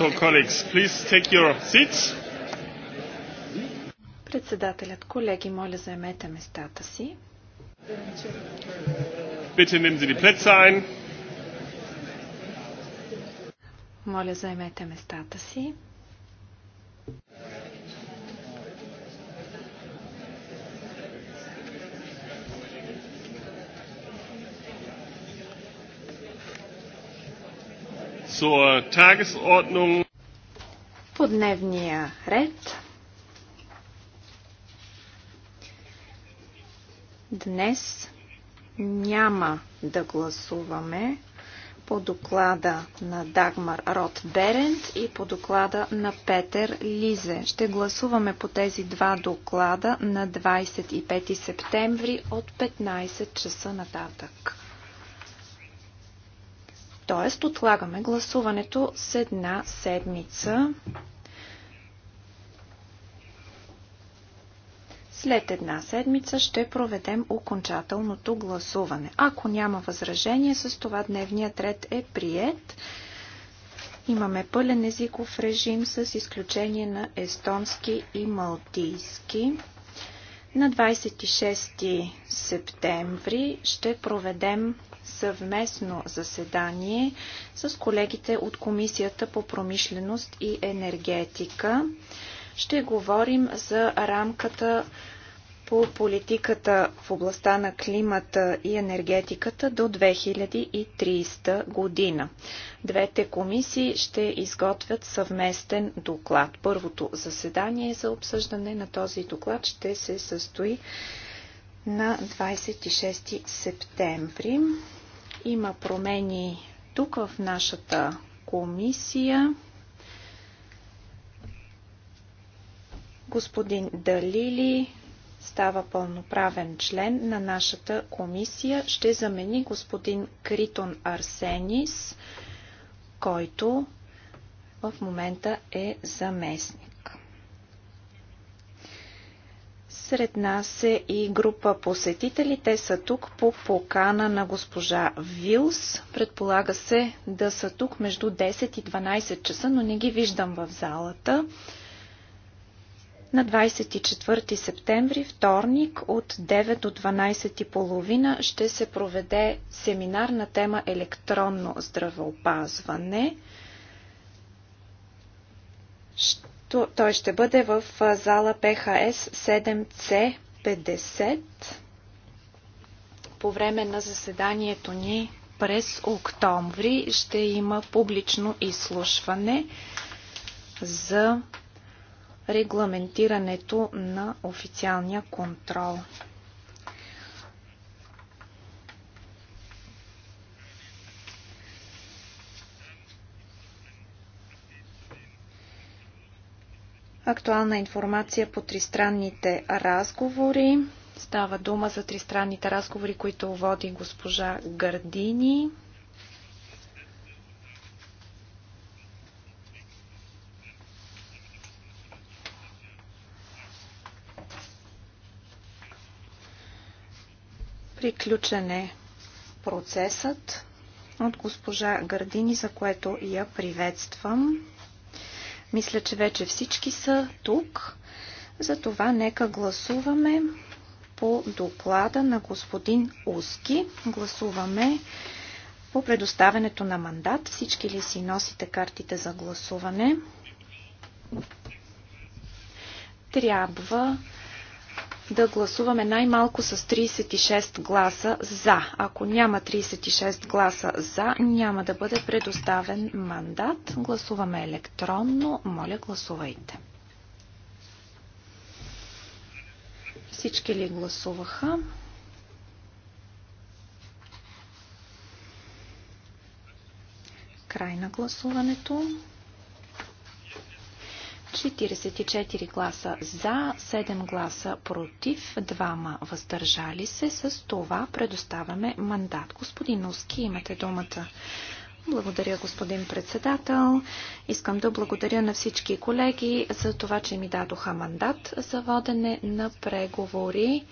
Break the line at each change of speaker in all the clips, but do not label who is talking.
So, colleagues, please take your seats.
Председателят, колеги, моля заемете местата си.
Bitte nehmen Sie die Plätze ein.
Моля заемете местата си.
zur Tagesordnung. По
дневния ред. Днес няма да гласуваме по доклада на Дагмар Рот Берент и по доклада на Петър Лизе. Ще гласуваме по тези два доклада на 25 септември от 15 часа нататък. Т.е. отлагаме гласуването с една седмица. След една седмица ще проведем окончателното гласуване. Ако няма възражение, с това дневният ред е прият. Имаме пълен езиков режим с изключение на естонски и малтийски. На 26 септември ще проведем съвместно заседание с колегите от Комисията по промишленост и енергетика. Ще говорим за рамката по политиката в областта на климата и енергетиката до 2030 година. Двете комисии ще изготвят съвместен доклад. Първото заседание за обсъждане на този доклад ще се състои на 26 септември. Има промени тук в нашата комисия. Господин Далили става пълноправен член на нашата комисия. Ще замени господин Критон Арсенис, който в момента е заместник. Сред нас е и група посетители. Те са тук по покана на госпожа Вилс. Предполага се да са тук между 10 и 12 часа, но не ги виждам в залата. На 24 септември, вторник, от 9 до 12.30 ще се проведе семинар на тема електронно здравеопазване. Ще той ще бъде в зала ПХС 7C50 по време на заседанието ни през октомври ще има публично изслушване за регламентирането на официалния контрол. актуална информация по тристранните разговори. Става дума за тристранните разговори, които води госпожа Гардини. Приключен е процесът от госпожа Гардини, за което я приветствам. Мисля, че вече всички са тук. Затова нека гласуваме по доклада на господин Уски. Гласуваме по предоставянето на мандат. Всички ли си носите картите за гласуване? Трябва да гласуваме най-малко с 36 гласа за. Ако няма 36 гласа за, няма да бъде предоставен мандат. Гласуваме електронно. Моля, гласувайте. Всички ли гласуваха? Край на гласуването. 44 гласа за, 7 гласа против, 2 въздържали се. С това предоставяме мандат. Господин Уски, имате думата. Благодаря, господин председател. Искам да благодаря на всички колеги за това, че ми дадоха мандат за водене на преговори.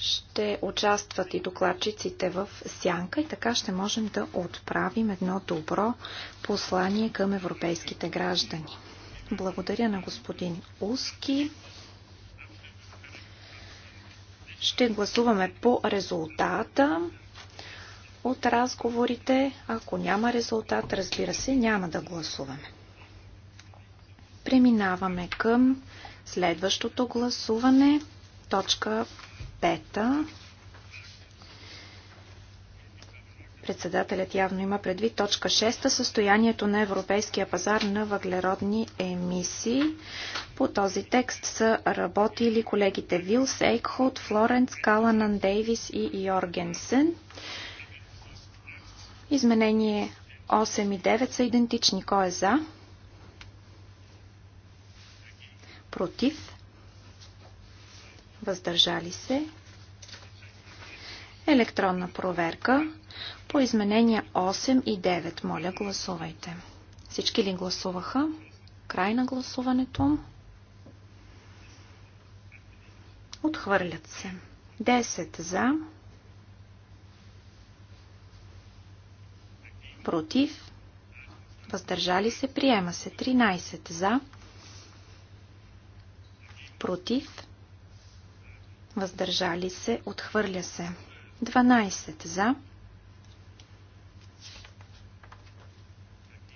ще участват и докладчиците в сянка и така ще можем да отправим едно добро послание към европейските граждани. Благодаря на господин Уски. Ще гласуваме по резултата от разговорите. Ако няма резултат, разбира се, няма да гласуваме. Преминаваме към следващото гласуване. Точка пета. Председателят явно има предвид точка 6. Състоянието на европейския пазар на въглеродни емисии. По този текст са работили колегите Вилс, Ейкхолд, Флоренц, Каланан, Дейвис и Йоргенсен. Изменение 8 и 9 са идентични. Кой е за? Против? въздържали се. Електронна проверка по изменения 8 и 9. Моля, гласувайте. Всички ли гласуваха? Край на гласуването. Отхвърлят се. 10 за. Против. Въздържали се. Приема се. 13 за. Против въздържали се, отхвърля се. 12 за,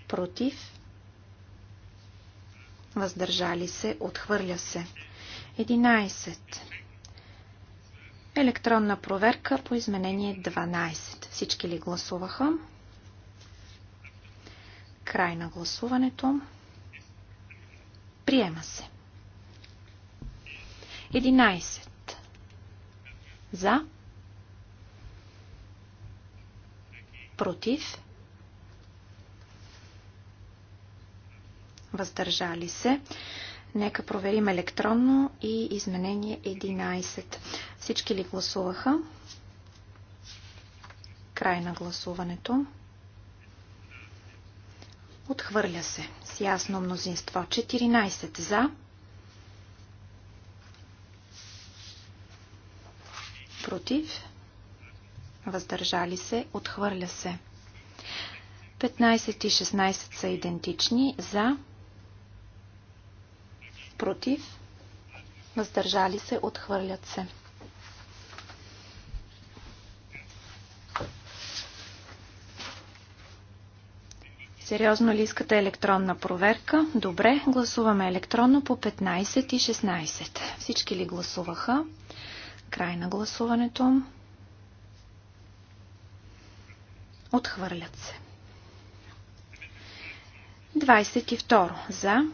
против, въздържали се, отхвърля се. 11. Електронна проверка по изменение 12. Всички ли гласуваха? Край на гласуването. Приема се. 11. За. Против. Въздържали се. Нека проверим електронно и изменение 11. Всички ли гласуваха? Край на гласуването. Отхвърля се. С ясно мнозинство. 14 за. против, въздържали се, отхвърля се. 15 и 16 са идентични, за, против, въздържали се, отхвърлят се. Сериозно ли искате електронна проверка? Добре, гласуваме електронно по 15 и 16. Всички ли гласуваха? Край на гласуването. Отхвърлят се. 22. За.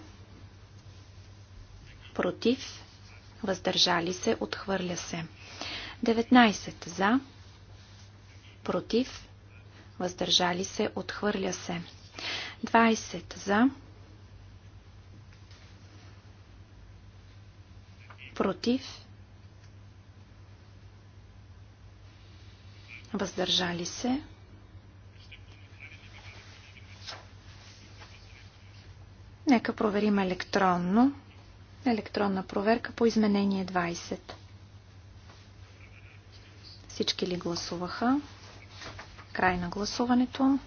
Против. Въздържали се. Отхвърля се. 19. За. Против. Въздържали се. Отхвърля се. 20. За. Против. въздържали се. Нека проверим електронно. Електронна проверка по изменение 20. Всички ли гласуваха? Край на гласуването.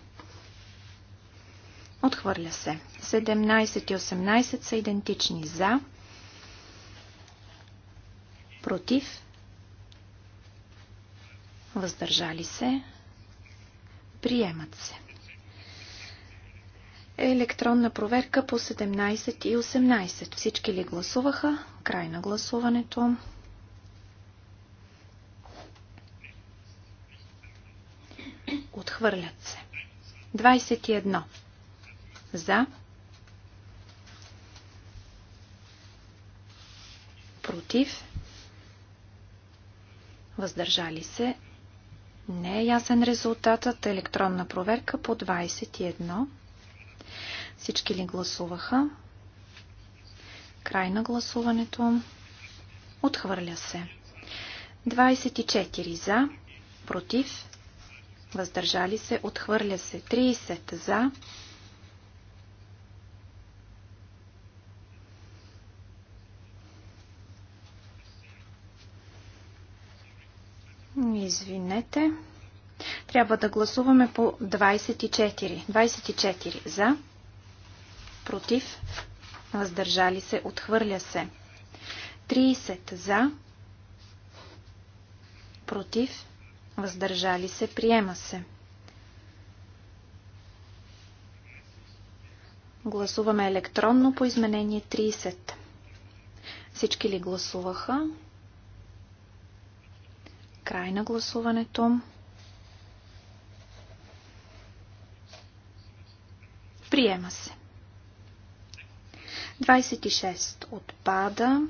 Отхвърля се. 17 и 18 са идентични за, против, въздържали се, приемат се. Електронна проверка по 17 и 18. Всички ли гласуваха? Край на гласуването. Отхвърлят се. 21. За. Против. Въздържали се. Не е ясен резултатът. Електронна проверка по 21. Всички ли гласуваха? Край на гласуването. Отхвърля се. 24 за, против, въздържали се, отхвърля се. 30 за, Извинете. Трябва да гласуваме по 24. 24 за, против, въздържали се, отхвърля се. 30 за, против, въздържали се, приема се. Гласуваме електронно по изменение 30. Всички ли гласуваха? Край на гласуването. Приема се. 26 отпада. 26.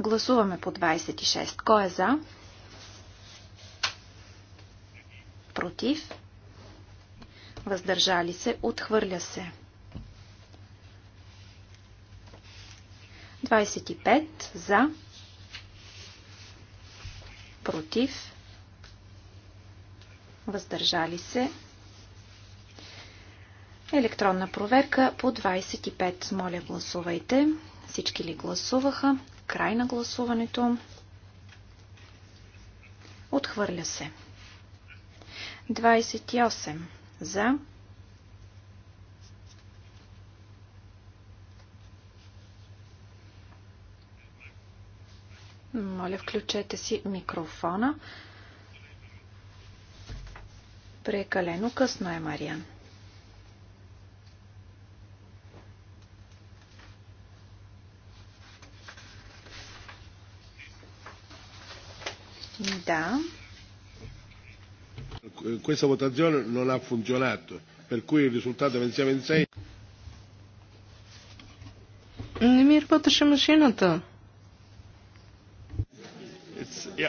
Гласуваме по 26. Кой е за? Против? Въздържали се? Отхвърля се. 25 за, против, въздържали се. Електронна проверка по 25. Моля, гласувайте. Всички ли гласуваха? Край на гласуването. Отхвърля се. 28 за, против, Моля, включете си микрофона. Прекалено късно е, Мариан. Да.
Questa votazione non ha funzionato, per cui il risultato è 26.
Не ми работеше машината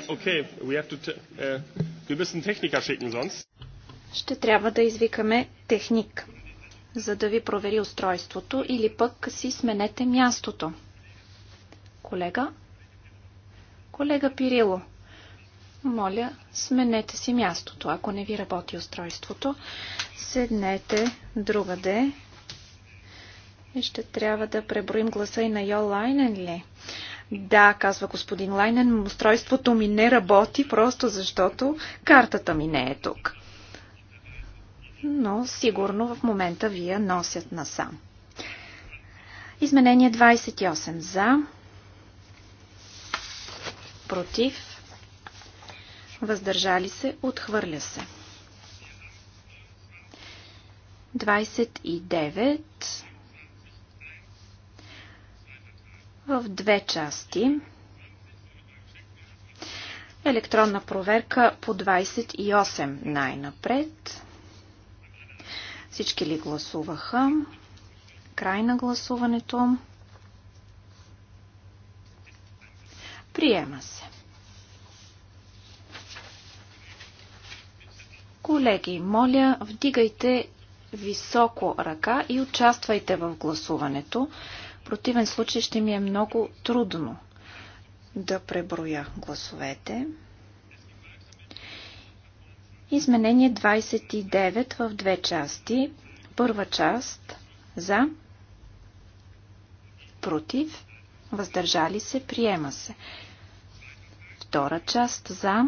okay. We have to uh, wir müssen Techniker schicken sonst.
Ще трябва да извикаме техник, за да ви провери устройството или пък си сменете мястото. Колега? Колега Пирило, моля, сменете си мястото. Ако не ви работи устройството, седнете другаде и ще трябва да преброим гласа и на Йолайнен ли? Да, казва господин Лайнен, устройството ми не работи, просто защото картата ми не е тук. Но сигурно в момента вие носят насам. Изменение 28 за, против, въздържали се, отхвърля се. 29 в две части. Електронна проверка по 28 най-напред. Всички ли гласуваха? Край на гласуването. Приема се. Колеги, моля, вдигайте високо ръка и участвайте в гласуването противен случай ще ми е много трудно да преброя гласовете. Изменение 29 в две части. Първа част за, против, въздържали се, приема се. Втора част за,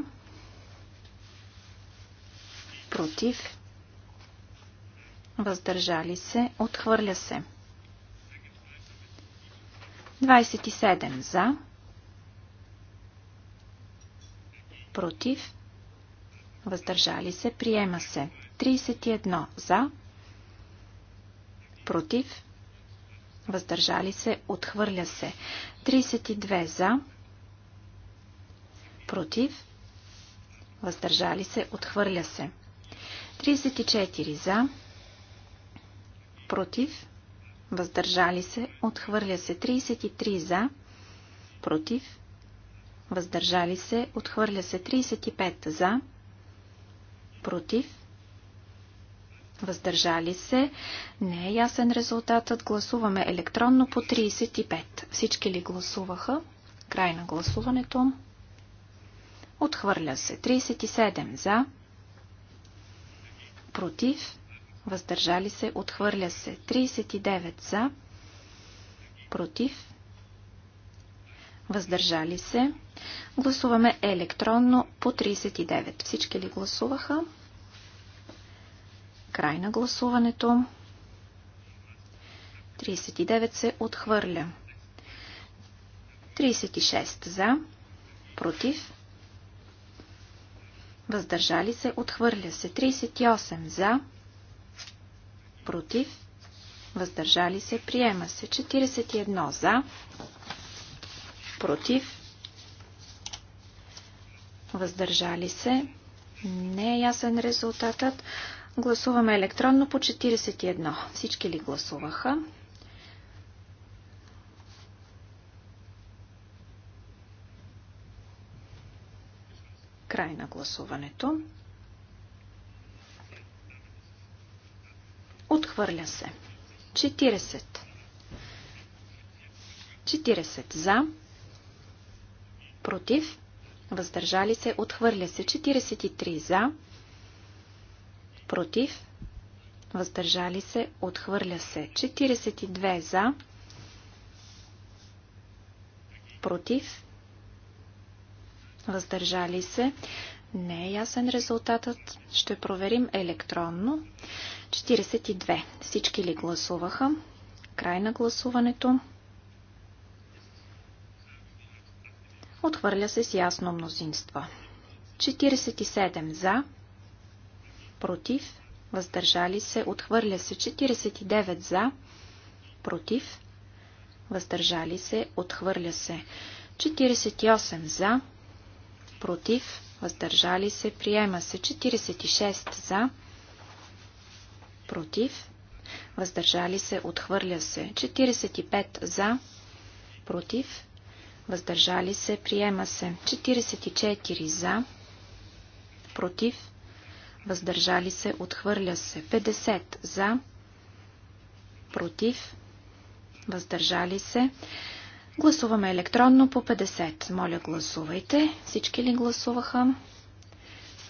против, въздържали се, отхвърля се. 27 за, против, въздържали се, приема се. 31 за, против, въздържали се, отхвърля се. 32 за, против, въздържали се, отхвърля се. 34 за, против, въздържали се, отхвърля се 33 за, против, въздържали се, отхвърля се 35 за, против, въздържали се, не е ясен резултатът, гласуваме електронно по 35. Всички ли гласуваха? Край на гласуването. Отхвърля се 37 за, против, въздържали се, отхвърля се. 39 за, против, въздържали се. Гласуваме електронно по 39. Всички ли гласуваха? Край на гласуването. 39 се отхвърля. 36 за, против, въздържали се, отхвърля се. 38 за, против, против, въздържали се, приема се. 41 за, против, въздържали се, не е ясен резултатът. Гласуваме електронно по 41. Всички ли гласуваха? Край на гласуването. Отхвърля се. 40. 40 за. Против. Въздържали се. Отхвърля се. 43 за. Против. Въздържали се. Отхвърля се. 42 за. Против. Въздържали се. Не е ясен резултатът. Ще проверим електронно. 42. Всички ли гласуваха? Край на гласуването. Отхвърля се с ясно мнозинство. 47 за, против, въздържали се, отхвърля се 49 за, против, въздържали се, отхвърля се 48 за, против, въздържали се, приема се 46 за, против, въздържали се, отхвърля се 45 за, против, въздържали се, приема се 44 за, против, въздържали се, отхвърля се 50 за, против, въздържали се, Гласуваме електронно по 50. Моля, гласувайте. Всички ли гласуваха?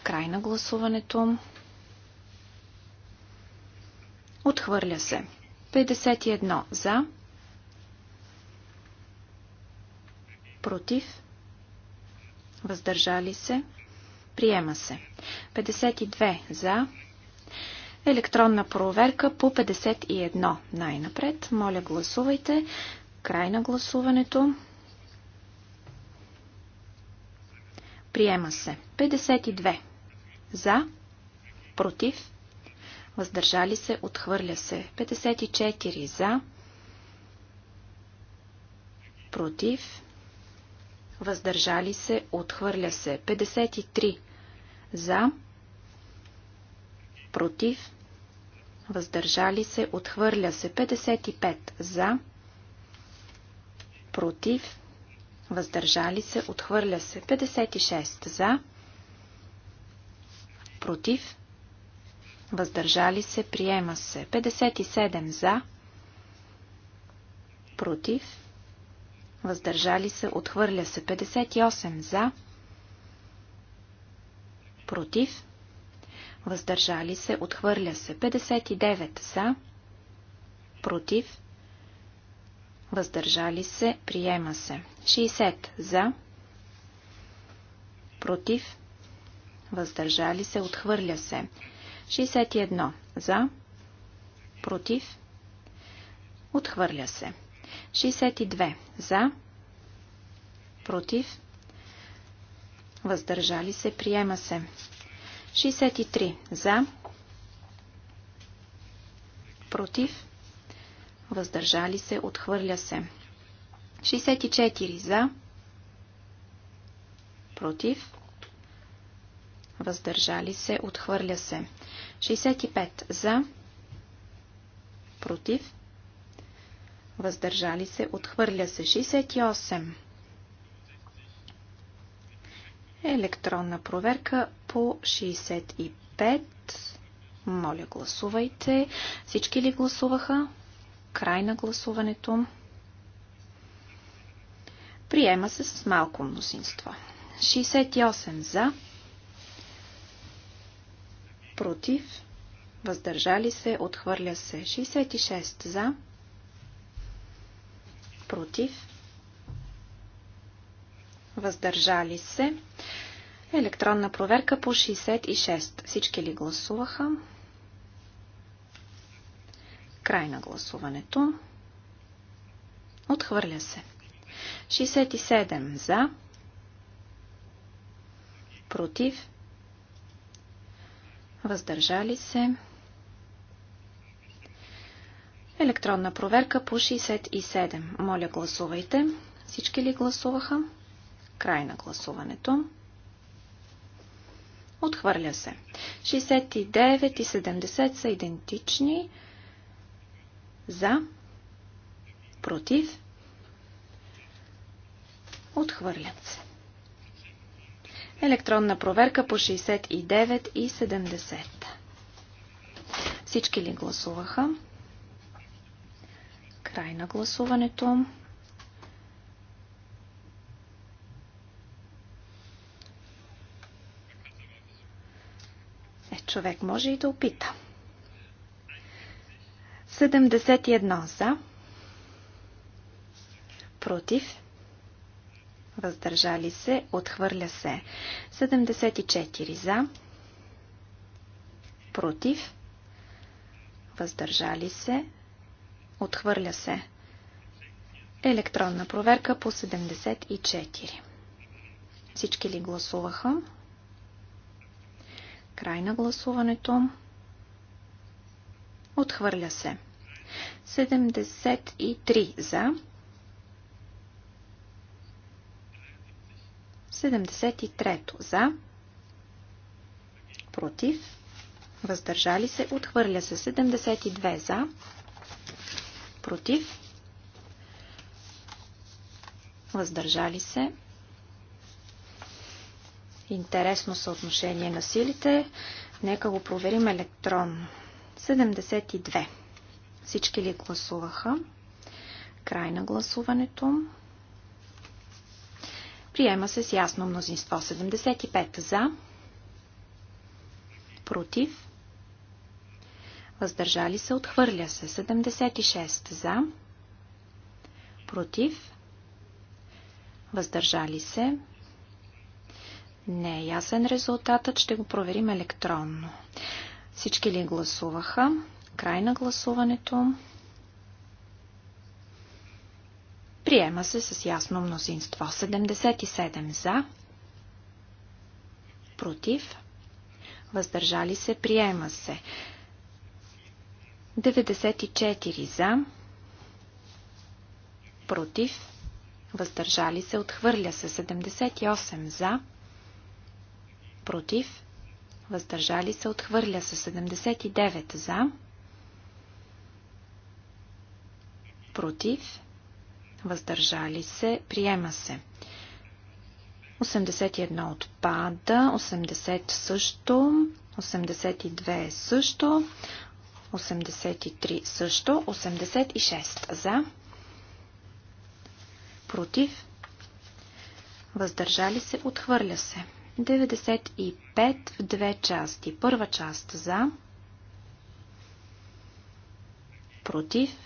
Край на гласуването. Отхвърля се. 51 за. Против. Въздържали се. Приема се. 52 за. Електронна проверка по 51. Най-напред. Моля гласувайте. Край на гласуването. Приема се. 52. За. Против. Въздържали се. Отхвърля се. 54. За. Против. Въздържали се. Отхвърля се. 53. За. Против. Въздържали се. Отхвърля се. 55. За. Против против, въздържали се, отхвърля се. 56 за, против, въздържали се, приема се. 57 за, против, въздържали се, отхвърля се. 58 за, против, въздържали се, отхвърля се. 59 за, против, въздържали се, приема се. 60 за, против, въздържали се, отхвърля се. 61 за, против, отхвърля се. 62 за, против, въздържали се, приема се. 63 за, против, въздържали се, отхвърля се. 64 за, против, въздържали се, отхвърля се. 65 за, против, въздържали се, отхвърля се. 68 електронна проверка по 65. Моля, гласувайте. Всички ли гласуваха? Край на гласуването. Приема се с малко мнозинство. 68 за, против, въздържали се, отхвърля се. 66 за, против, въздържали се. Електронна проверка по 66. Всички ли гласуваха? Край на гласуването. Отхвърля се. 67 за. Против. Въздържали се. Електронна проверка по 67. Моля, гласувайте. Всички ли гласуваха? Край на гласуването. Отхвърля се. 69 и 70 са идентични. За. Против. Отхвърлят се. Електронна проверка по 69 и 70. Всички ли гласуваха? Край на гласуването. Е, човек може и да опита. 71 за, против, въздържали се, отхвърля се. 74 за, против, въздържали се, отхвърля се. Електронна проверка по 74. Всички ли гласуваха? Край на гласуването. Отхвърля се. 73 за. 73 за. Против. Въздържали се. Отхвърля се. 72 за. Против. Въздържали се. Интересно съотношение на силите. Нека го проверим електронно. 72. Всички ли гласуваха? Край на гласуването. Приема се с ясно мнозинство. 75 за. Против. Въздържали се. Отхвърля се. 76 за. Против. Въздържали се. Не е ясен резултатът. Ще го проверим електронно. Всички ли гласуваха? Край на гласуването. Приема се с ясно мнозинство. 77 за, против, въздържали се, приема се. 94 за, против, въздържали се, отхвърля се. 78 за, против, въздържали се, отхвърля се. 79 за, против, против, въздържали се, приема се. 81 отпада, 80 също, 82 също, 83 също, 86 за, против, въздържали се, отхвърля се. 95 в две части. Първа част за, против,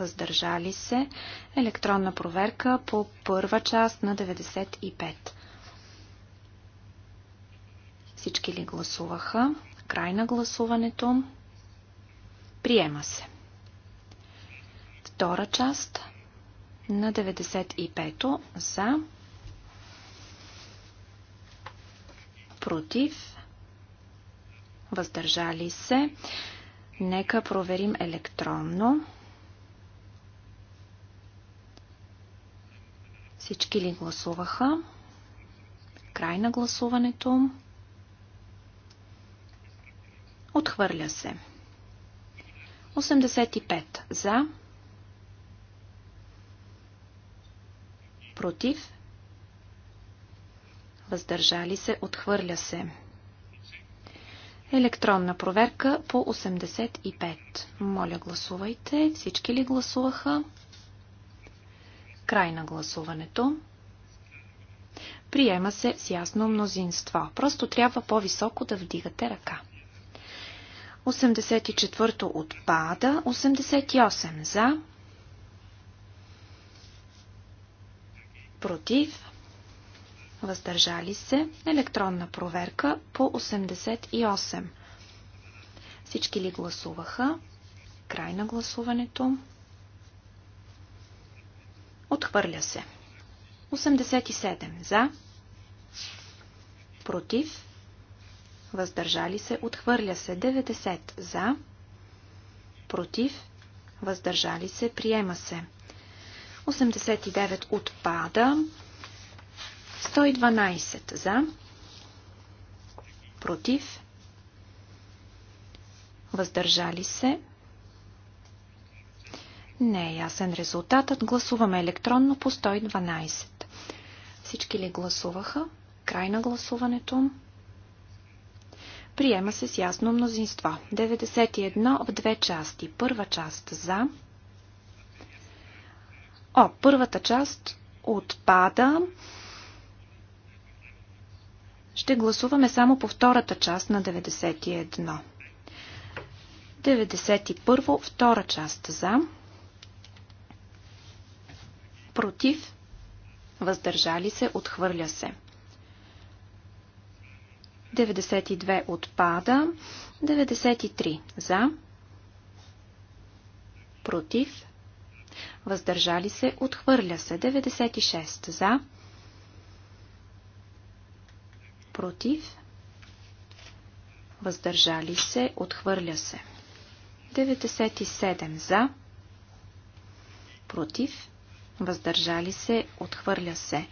въздържали се, електронна проверка по първа част на 95. Всички ли гласуваха? Край на гласуването. Приема се. Втора част на 95 за против въздържали се. Нека проверим електронно. Всички ли гласуваха? Край на гласуването. Отхвърля се. 85 за. Против. Въздържали се. Отхвърля се. Електронна проверка по 85. Моля гласувайте. Всички ли гласуваха? Край на гласуването. Приема се с ясно мнозинство. Просто трябва по-високо да вдигате ръка. 84-то отпада. 88 за. Против. Въздържали се. Електронна проверка по 88. Всички ли гласуваха? Край на гласуването. Отхвърля се. 87 за. Против. Въздържали се. Отхвърля се. 90 за. Против. Въздържали се. Приема се. 89 отпада. 112 за. Против. Въздържали се. Не е ясен резултатът. Гласуваме електронно по 112. Всички ли гласуваха? Край на гласуването. Приема се с ясно мнозинство. 91 в две части. Първа част за. О, първата част отпада. Ще гласуваме само по втората част на 91. 91. Втора част за против, въздържали се, отхвърля се. 92 отпада, 93 за, против, въздържали се, отхвърля се, 96 за, против, въздържали се, отхвърля се, 97 за, против, въздържали се, отхвърля се.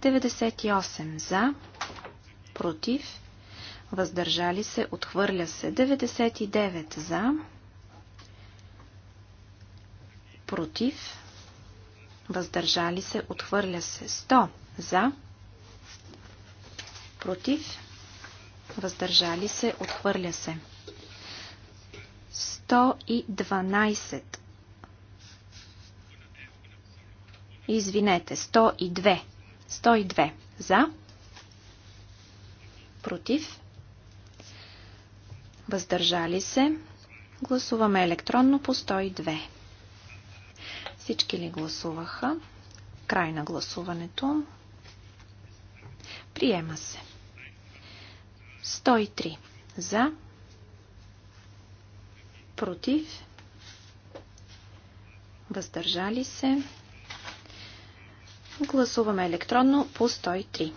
98 за, против, въздържали се, отхвърля се. 99 за, против, въздържали се, отхвърля се. 100 за, против, въздържали се, отхвърля се. 112 Извинете, 102. 102. За. Против. Въздържали се. Гласуваме електронно по 102. Всички ли гласуваха? Край на гласуването. Приема се. 103. За. Против. Въздържали се. Гласуваме електронно по 103.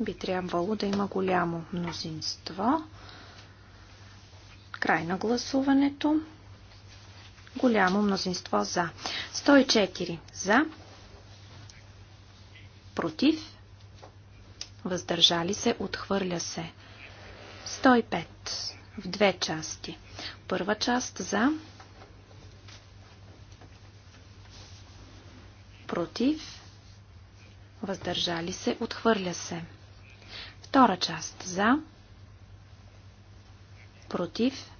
Би трябвало да има голямо мнозинство. Край на гласуването. Голямо мнозинство за. 104 за. Против. Въздържали се. Отхвърля се. 105 в две части. Първа част за против, въздържали се, отхвърля се. Втора част за, против,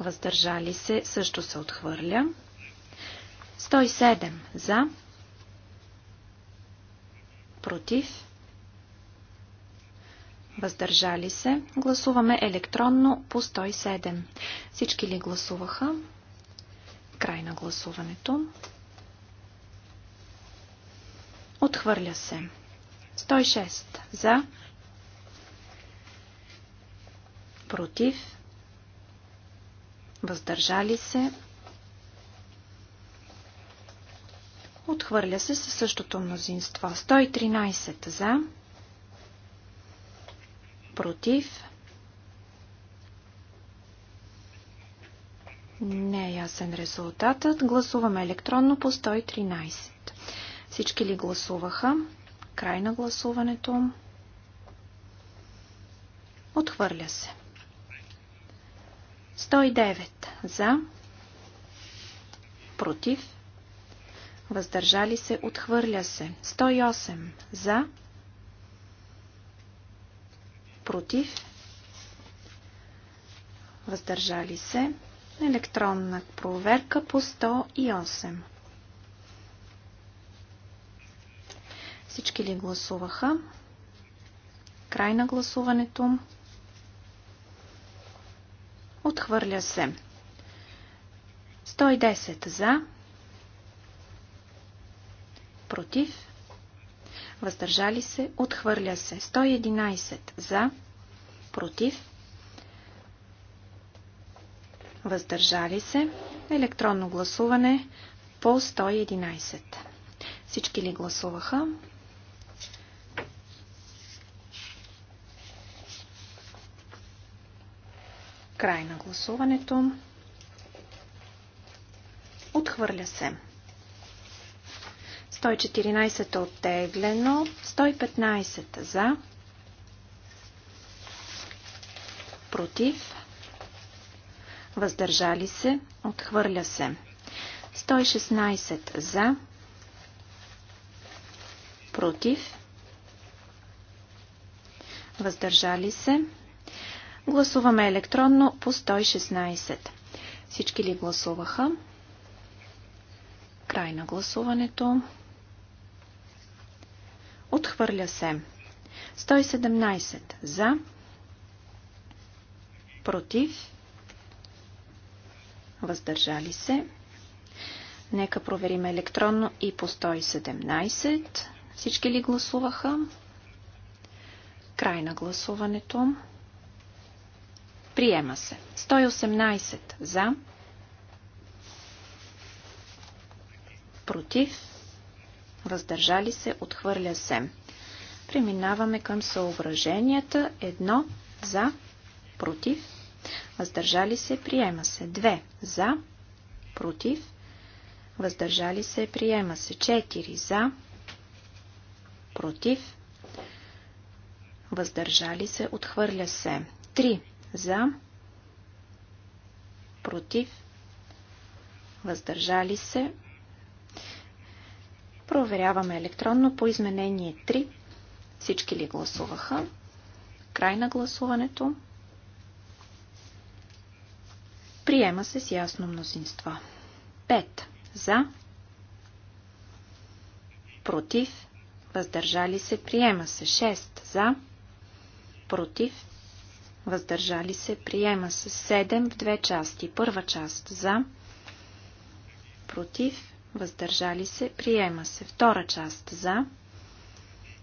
въздържали се, също се отхвърля. 107 за, против, въздържали се. Гласуваме електронно по 107. Всички ли гласуваха? Край на гласуването. Отхвърля се. 106. За. Против. Въздържали се. Отхвърля се със същото мнозинство. 113 за. Против. Не е ясен резултатът. Гласуваме електронно по 113. Всички ли гласуваха? Край на гласуването. Отхвърля се. 109 за, против, въздържали се, отхвърля се. 108 за, против, въздържали се. Електронна проверка по 108. Всички ли гласуваха? Край на гласуването. Отхвърля се. 110 за. Против. Въздържали се. Отхвърля се. 111 за. Против. Въздържали се. Електронно гласуване по 111. Всички ли гласуваха? Край на гласуването. Отхвърля се. 114 е оттеглено. 115 за. Против. Въздържали се. Отхвърля се. 116 за. Против. Въздържали се. Гласуваме електронно по 116. Всички ли гласуваха? Край на гласуването. Отхвърля се. 117 за. Против. Въздържали се. Нека проверим електронно и по 117. Всички ли гласуваха? Край на гласуването. Приема се. 118 за. Против. Въздържали се. Отхвърля се. Преминаваме към съображенията. 1 за. Против. Въздържали се. Приема се. 2 за. Против. Въздържали се. Приема се. 4 за. Против. Въздържали се. Отхвърля се. 3 за, против, въздържали се. Проверяваме електронно по изменение 3. Всички ли гласуваха? Край на гласуването. Приема се с ясно мнозинство. 5. За. Против. Въздържали се. Приема се. 6. За. Против въздържали се, приема се. 7 в две части. Първа част за, против, въздържали се, приема се. Втора част за,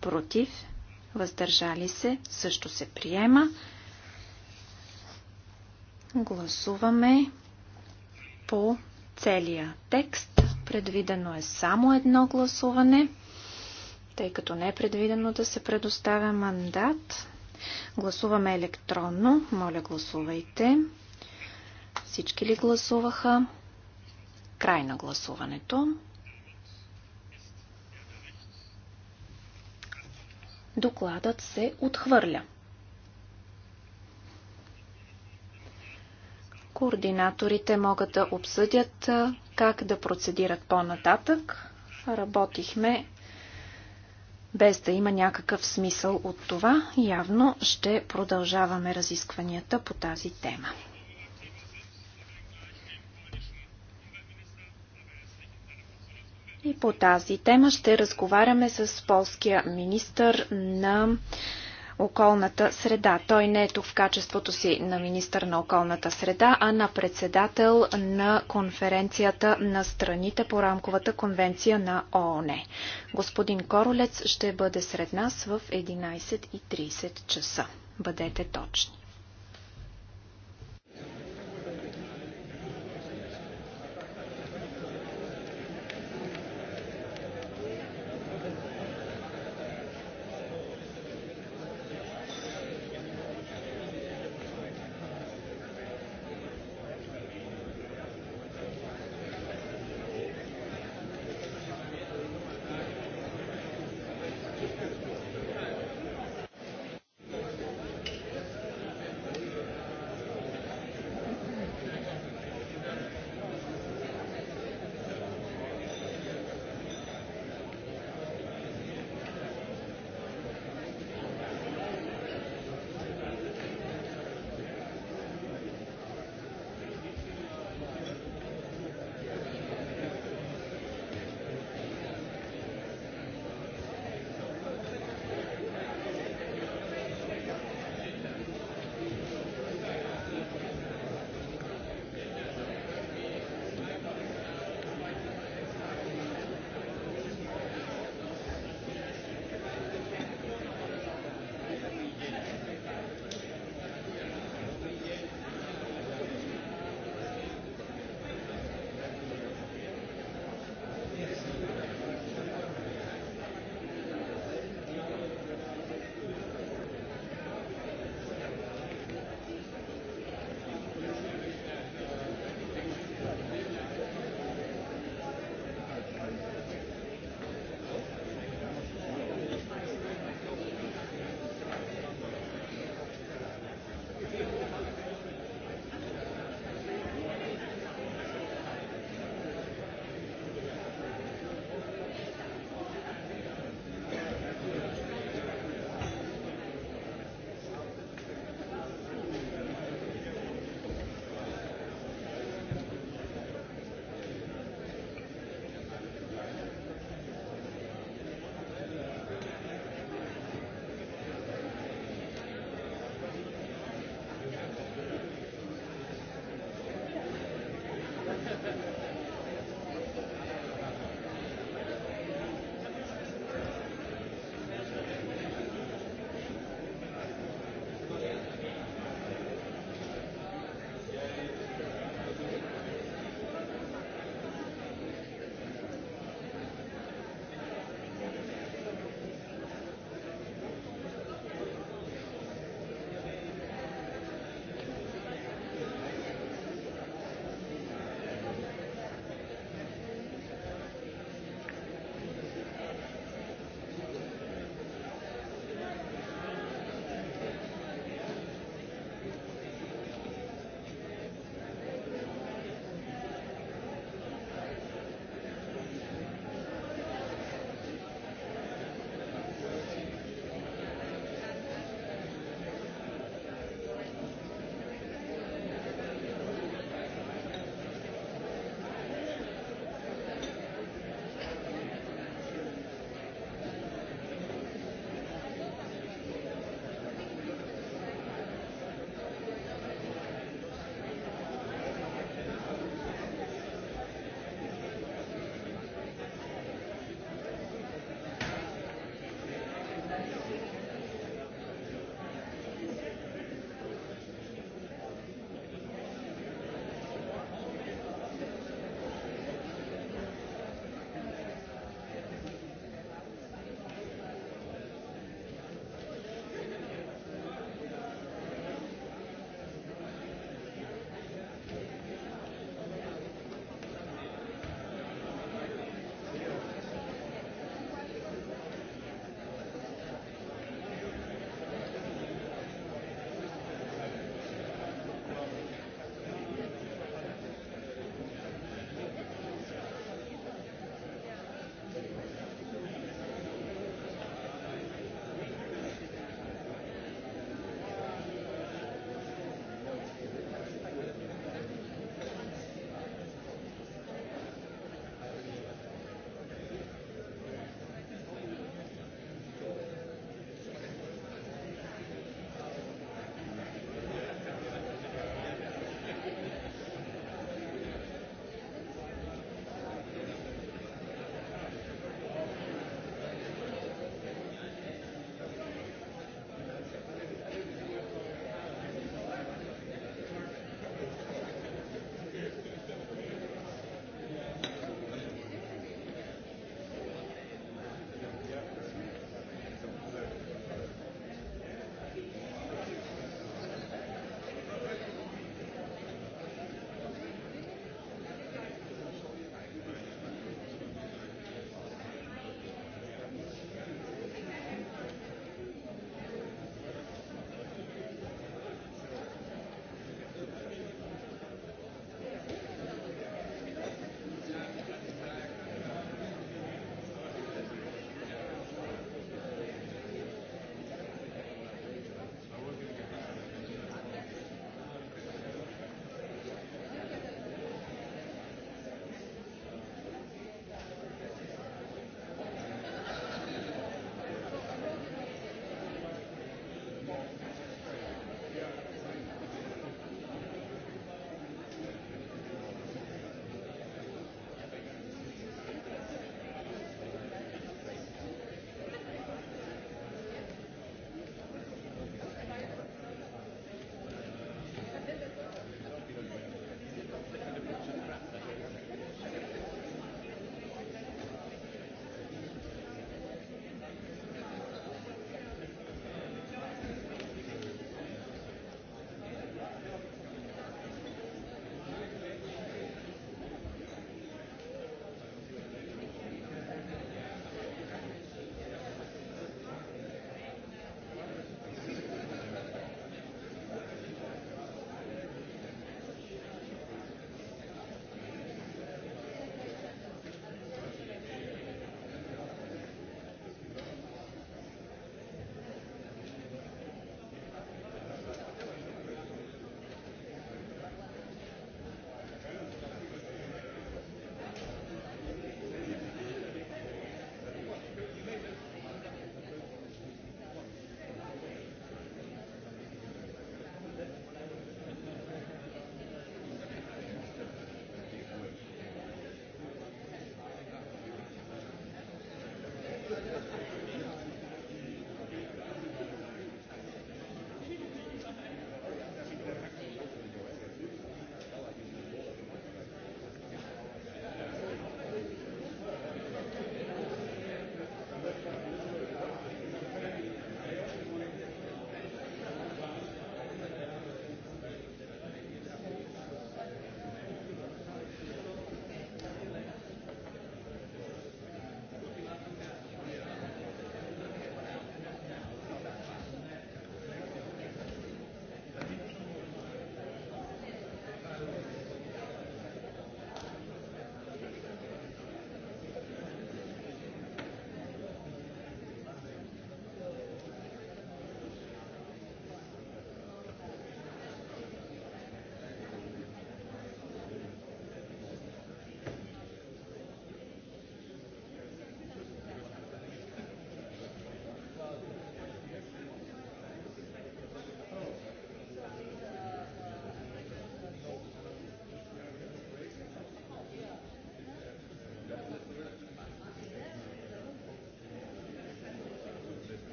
против, въздържали се, също се приема. Гласуваме по целия текст. Предвидено е само едно гласуване, тъй като не е предвидено да се предоставя мандат. Гласуваме електронно. Моля, гласувайте. Всички ли гласуваха? Край на гласуването. Докладът се отхвърля. Координаторите могат да обсъдят как да процедират по-нататък. Работихме без да има някакъв смисъл от това, явно ще продължаваме разискванията по тази тема. И по тази тема ще разговаряме с полския министр на околната среда. Той не е тук в качеството си на министър на околната среда, а на председател на конференцията на страните по рамковата конвенция на ООН. Господин Королец ще бъде сред нас в 11.30 часа. Бъдете точни.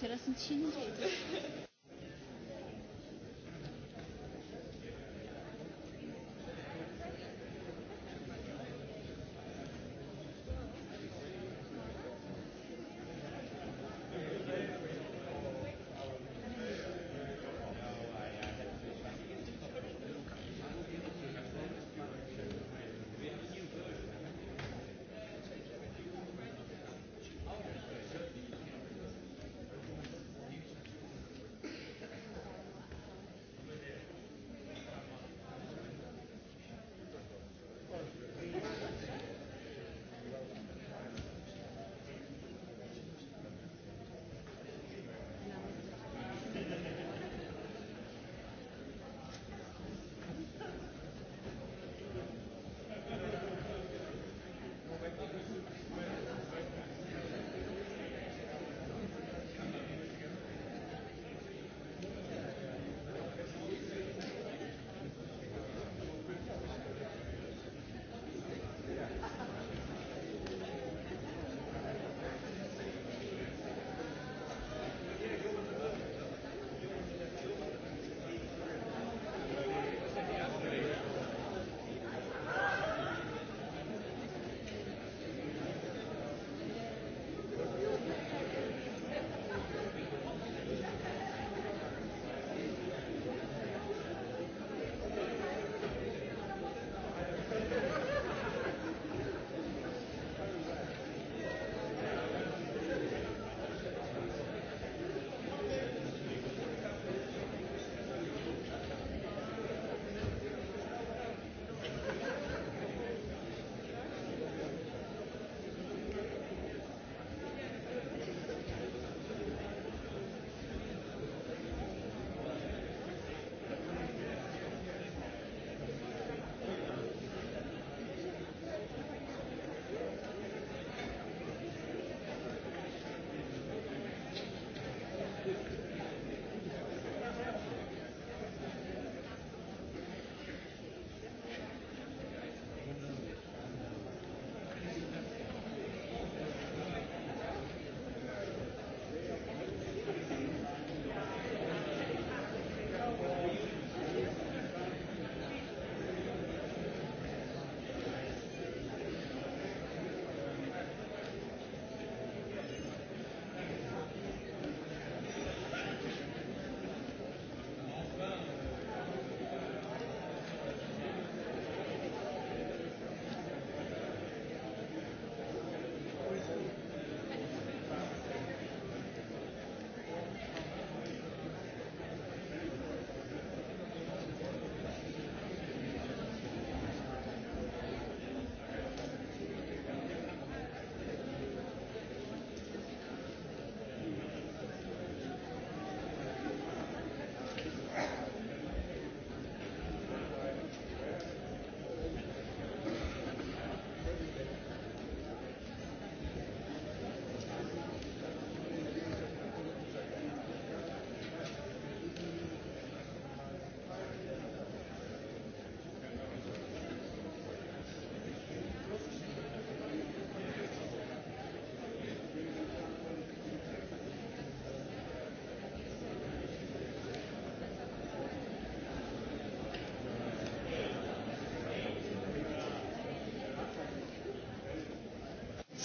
interessentschienen?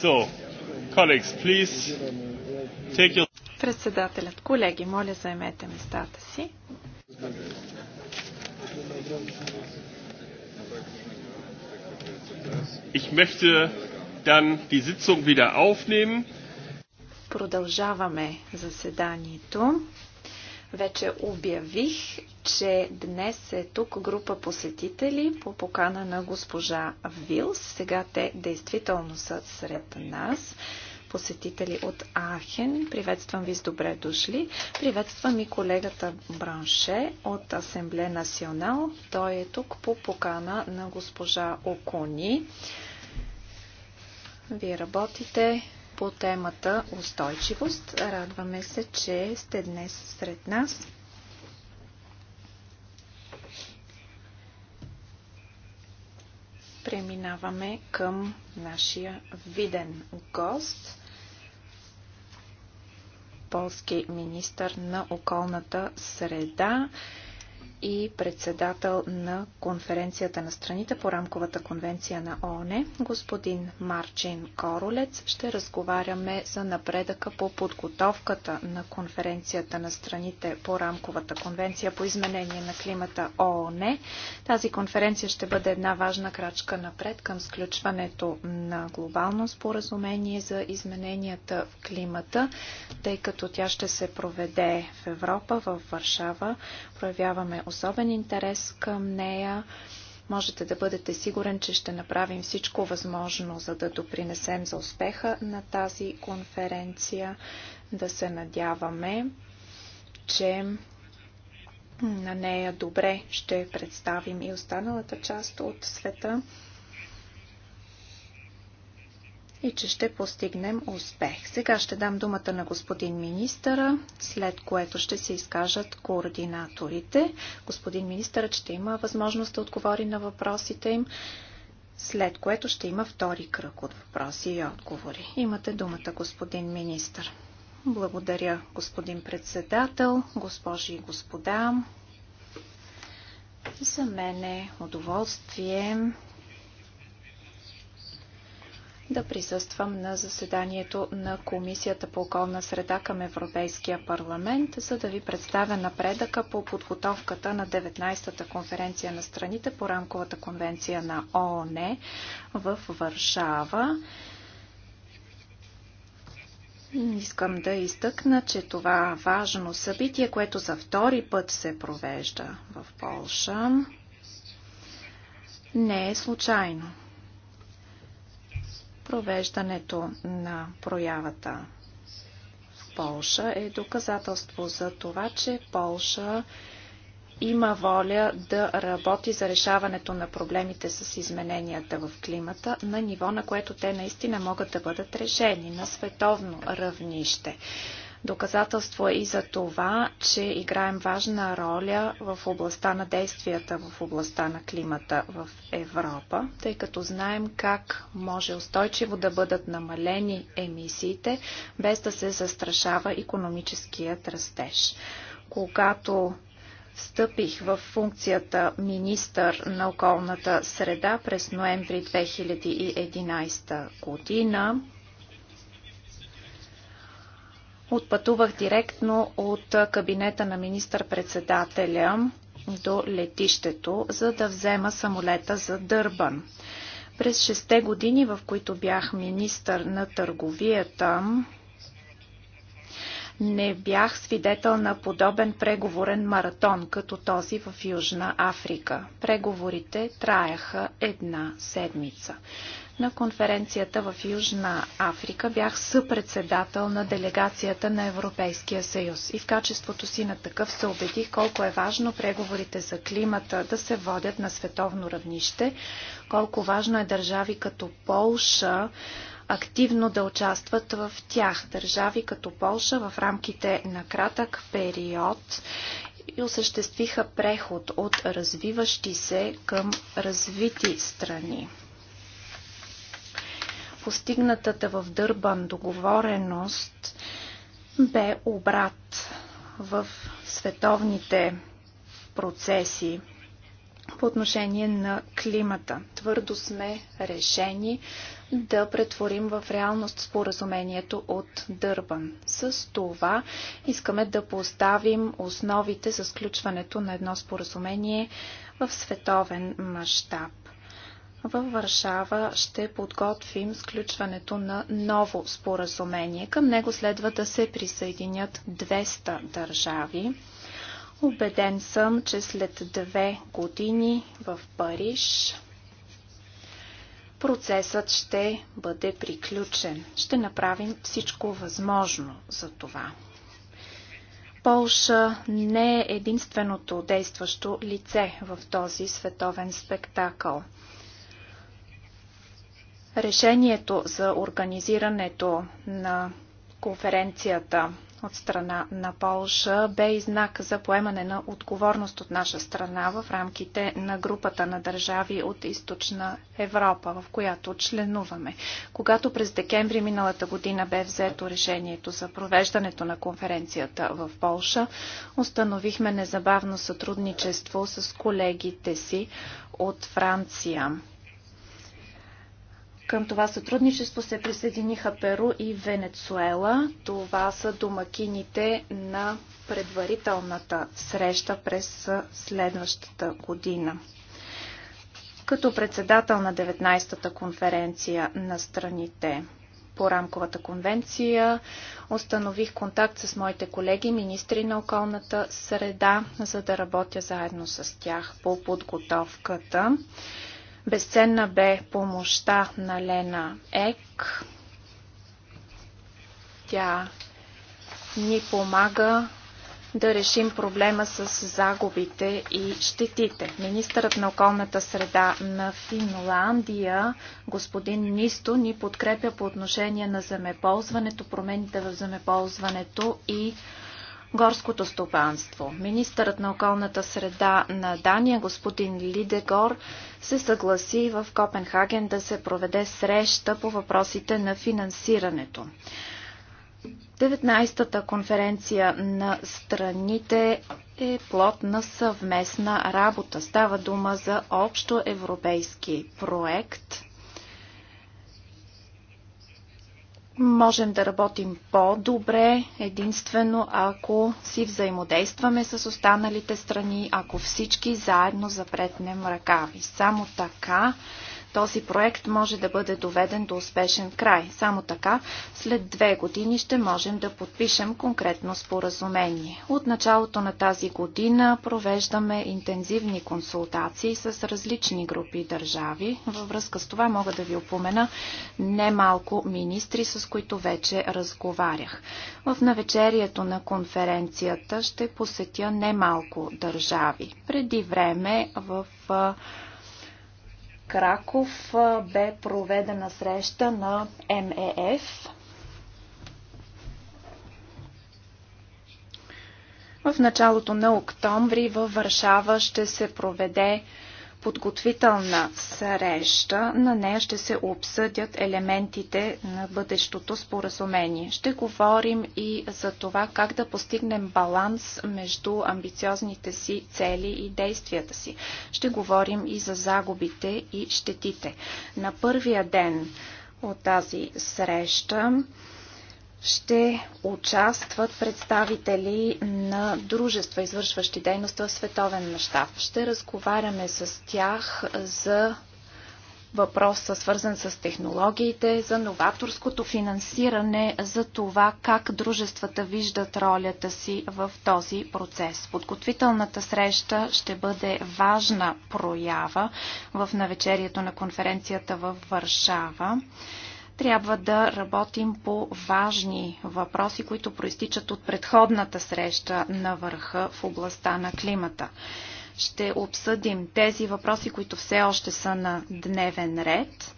So, colleagues, please take your...
Председателят, колеги, моля заемете местата си.
Ich möchte dann die Sitzung wieder aufnehmen.
Продължаваме заседанието. Вече обявих че днес е тук група посетители по покана на госпожа Вилс. Сега те действително са сред нас. Посетители от Ахен. Приветствам ви с добре дошли. Приветствам и колегата Бранше от Асембле Национал. Той е тук по покана на госпожа Окони. Вие работите по темата устойчивост. Радваме се, че сте днес сред нас. Преминаваме към нашия виден гост, полски министър на околната среда и председател на конференцията на страните по рамковата конвенция на ООН, господин Марчин Королец. Ще разговаряме за напредъка по подготовката на конференцията на страните по рамковата конвенция по изменение на климата ООН. Тази конференция ще бъде една важна крачка напред към сключването на глобално споразумение за измененията в климата, тъй като тя ще се проведе в Европа, в Варшава. Проявяваме особен интерес към нея. Можете да бъдете сигурен, че ще направим всичко възможно, за да допринесем за успеха на тази конференция. Да се надяваме, че на нея добре ще представим и останалата част от света и че ще постигнем успех. Сега ще дам думата на господин министъра, след което ще се изкажат координаторите. Господин министърът ще има възможност да отговори на въпросите им, след което ще има втори кръг от въпроси и отговори. Имате думата, господин министър. Благодаря, господин председател, госпожи и господа. За мен е удоволствие да присъствам на заседанието на Комисията по околна среда към Европейския парламент, за да ви представя напредъка по подготовката на 19-та конференция на страните по рамковата конвенция на ООН в Варшава. Искам да изтъкна, че това важно събитие, което за втори път се провежда в Полша, не е случайно. Провеждането на проявата в Полша е доказателство за това, че Полша има воля да работи за решаването на проблемите с измененията в климата на ниво, на което те наистина могат да бъдат решени на световно равнище. Доказателство е и за това, че играем важна роля в областта на действията в областта на климата в Европа, тъй като знаем как може устойчиво да бъдат намалени емисиите, без да се застрашава економическият растеж. Когато встъпих в функцията министър на околната среда през ноември 2011 година. Отпътувах директно от кабинета на министър-председателя до летището, за да взема самолета за Дърбан. През 6 години, в които бях министър на търговията, не бях свидетел на подобен преговорен маратон, като този в Южна Африка. Преговорите траяха една седмица. На конференцията в Южна Африка бях съпредседател на делегацията на Европейския съюз и в качеството си на такъв се убедих колко е важно преговорите за климата да се водят на световно равнище, колко важно е държави като Полша активно да участват в тях. Държави като Полша в рамките на кратък период и осъществиха преход от развиващи се към развити страни постигнатата в Дърбан договореност бе обрат в световните процеси по отношение на климата. Твърдо сме решени да претворим в реалност споразумението от Дърбан. С това искаме да поставим основите за сключването на едно споразумение в световен мащаб във Варшава ще подготвим сключването на ново споразумение. Към него следва да се присъединят 200 държави. Обеден съм, че след две години в Париж процесът ще бъде приключен. Ще направим всичко възможно за това. Полша не е единственото действащо лице в този световен спектакъл. Решението за организирането на конференцията от страна на Полша бе и знак за поемане на отговорност от наша страна в рамките на групата на държави от източна Европа, в която членуваме. Когато през декември миналата година бе взето решението за провеждането на конференцията в Полша, установихме незабавно сътрудничество с колегите си от Франция. Към това сътрудничество се присъединиха Перу и Венецуела. Това са домакините на предварителната среща през следващата година. Като председател на 19-та конференция на страните по рамковата конвенция установих контакт с моите колеги, министри на околната среда, за да работя заедно с тях по подготовката. Безценна бе помощта на Лена Ек. Тя ни помага да решим проблема с загубите и щетите. Министърът на околната среда на Финландия, господин Нисто, ни подкрепя по отношение на земеползването, промените в земеползването и горското стопанство. Министърът на околната среда на Дания, господин Лидегор, се съгласи в Копенхаген да се проведе среща по въпросите на финансирането. 19-та конференция на страните е плод на съвместна работа. Става дума за общо европейски проект – Можем да работим по-добре единствено ако си взаимодействаме с останалите страни, ако всички заедно запретнем И Само така този проект може да бъде доведен до успешен край. Само така, след две години ще можем да подпишем конкретно споразумение. От началото на тази година провеждаме интензивни консултации с различни групи държави. Във връзка с това мога да ви опомена немалко министри, с които вече разговарях. В навечерието на конференцията ще посетя немалко държави. Преди време в Краков бе проведена среща на МЕФ. В началото на октомври във Варшава ще се проведе подготвителна среща. На нея ще се обсъдят елементите на бъдещото споразумение. Ще говорим и за това как да постигнем баланс между амбициозните си цели и действията си. Ще говорим и за загубите и щетите. На първия ден от тази среща ще участват представители на дружества, извършващи дейност в световен мащаб. Ще разговаряме с тях за въпроса, свързан с технологиите, за новаторското финансиране, за това как дружествата виждат ролята си в този процес. Подготвителната среща ще бъде важна проява в навечерието на конференцията в Варшава трябва да работим по важни въпроси, които проистичат от предходната среща на върха в областта на климата. Ще обсъдим тези въпроси, които все още са на дневен ред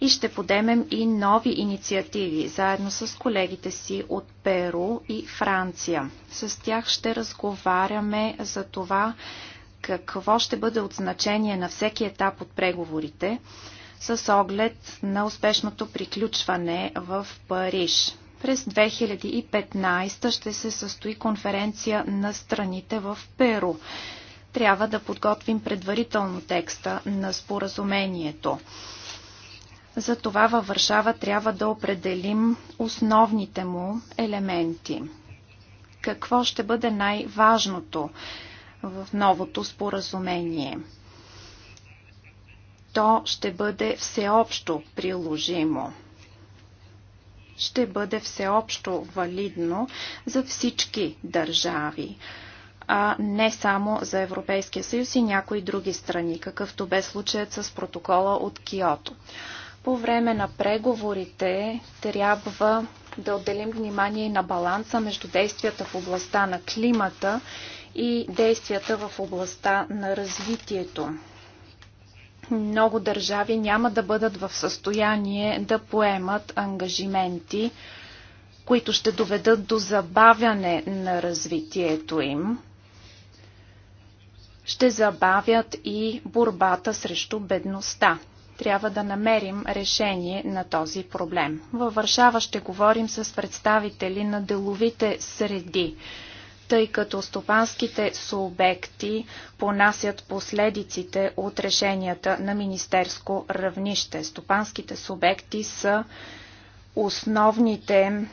и ще подемем и нови инициативи, заедно с колегите си от Перу и Франция. С тях ще разговаряме за това какво ще бъде от значение на всеки етап от преговорите с оглед на успешното приключване в Париж. През 2015 ще се състои конференция на страните в Перу. Трябва да подготвим предварително текста на споразумението. това във Варшава трябва да определим основните му елементи. Какво ще бъде най-важното в новото споразумение? то ще бъде всеобщо приложимо. Ще бъде всеобщо валидно за всички държави, а не само за Европейския съюз и някои други страни, какъвто бе случаят с протокола от Киото. По време на преговорите трябва да отделим внимание и на баланса между действията в областта на климата и действията в областта на развитието много държави няма да бъдат в състояние да поемат ангажименти, които ще доведат до забавяне на развитието им, ще забавят и борбата срещу бедността. Трябва да намерим решение на този проблем. Във Варшава ще говорим с представители на деловите среди тъй като стопанските субекти понасят последиците от решенията на министерско равнище. Стопанските субекти са основните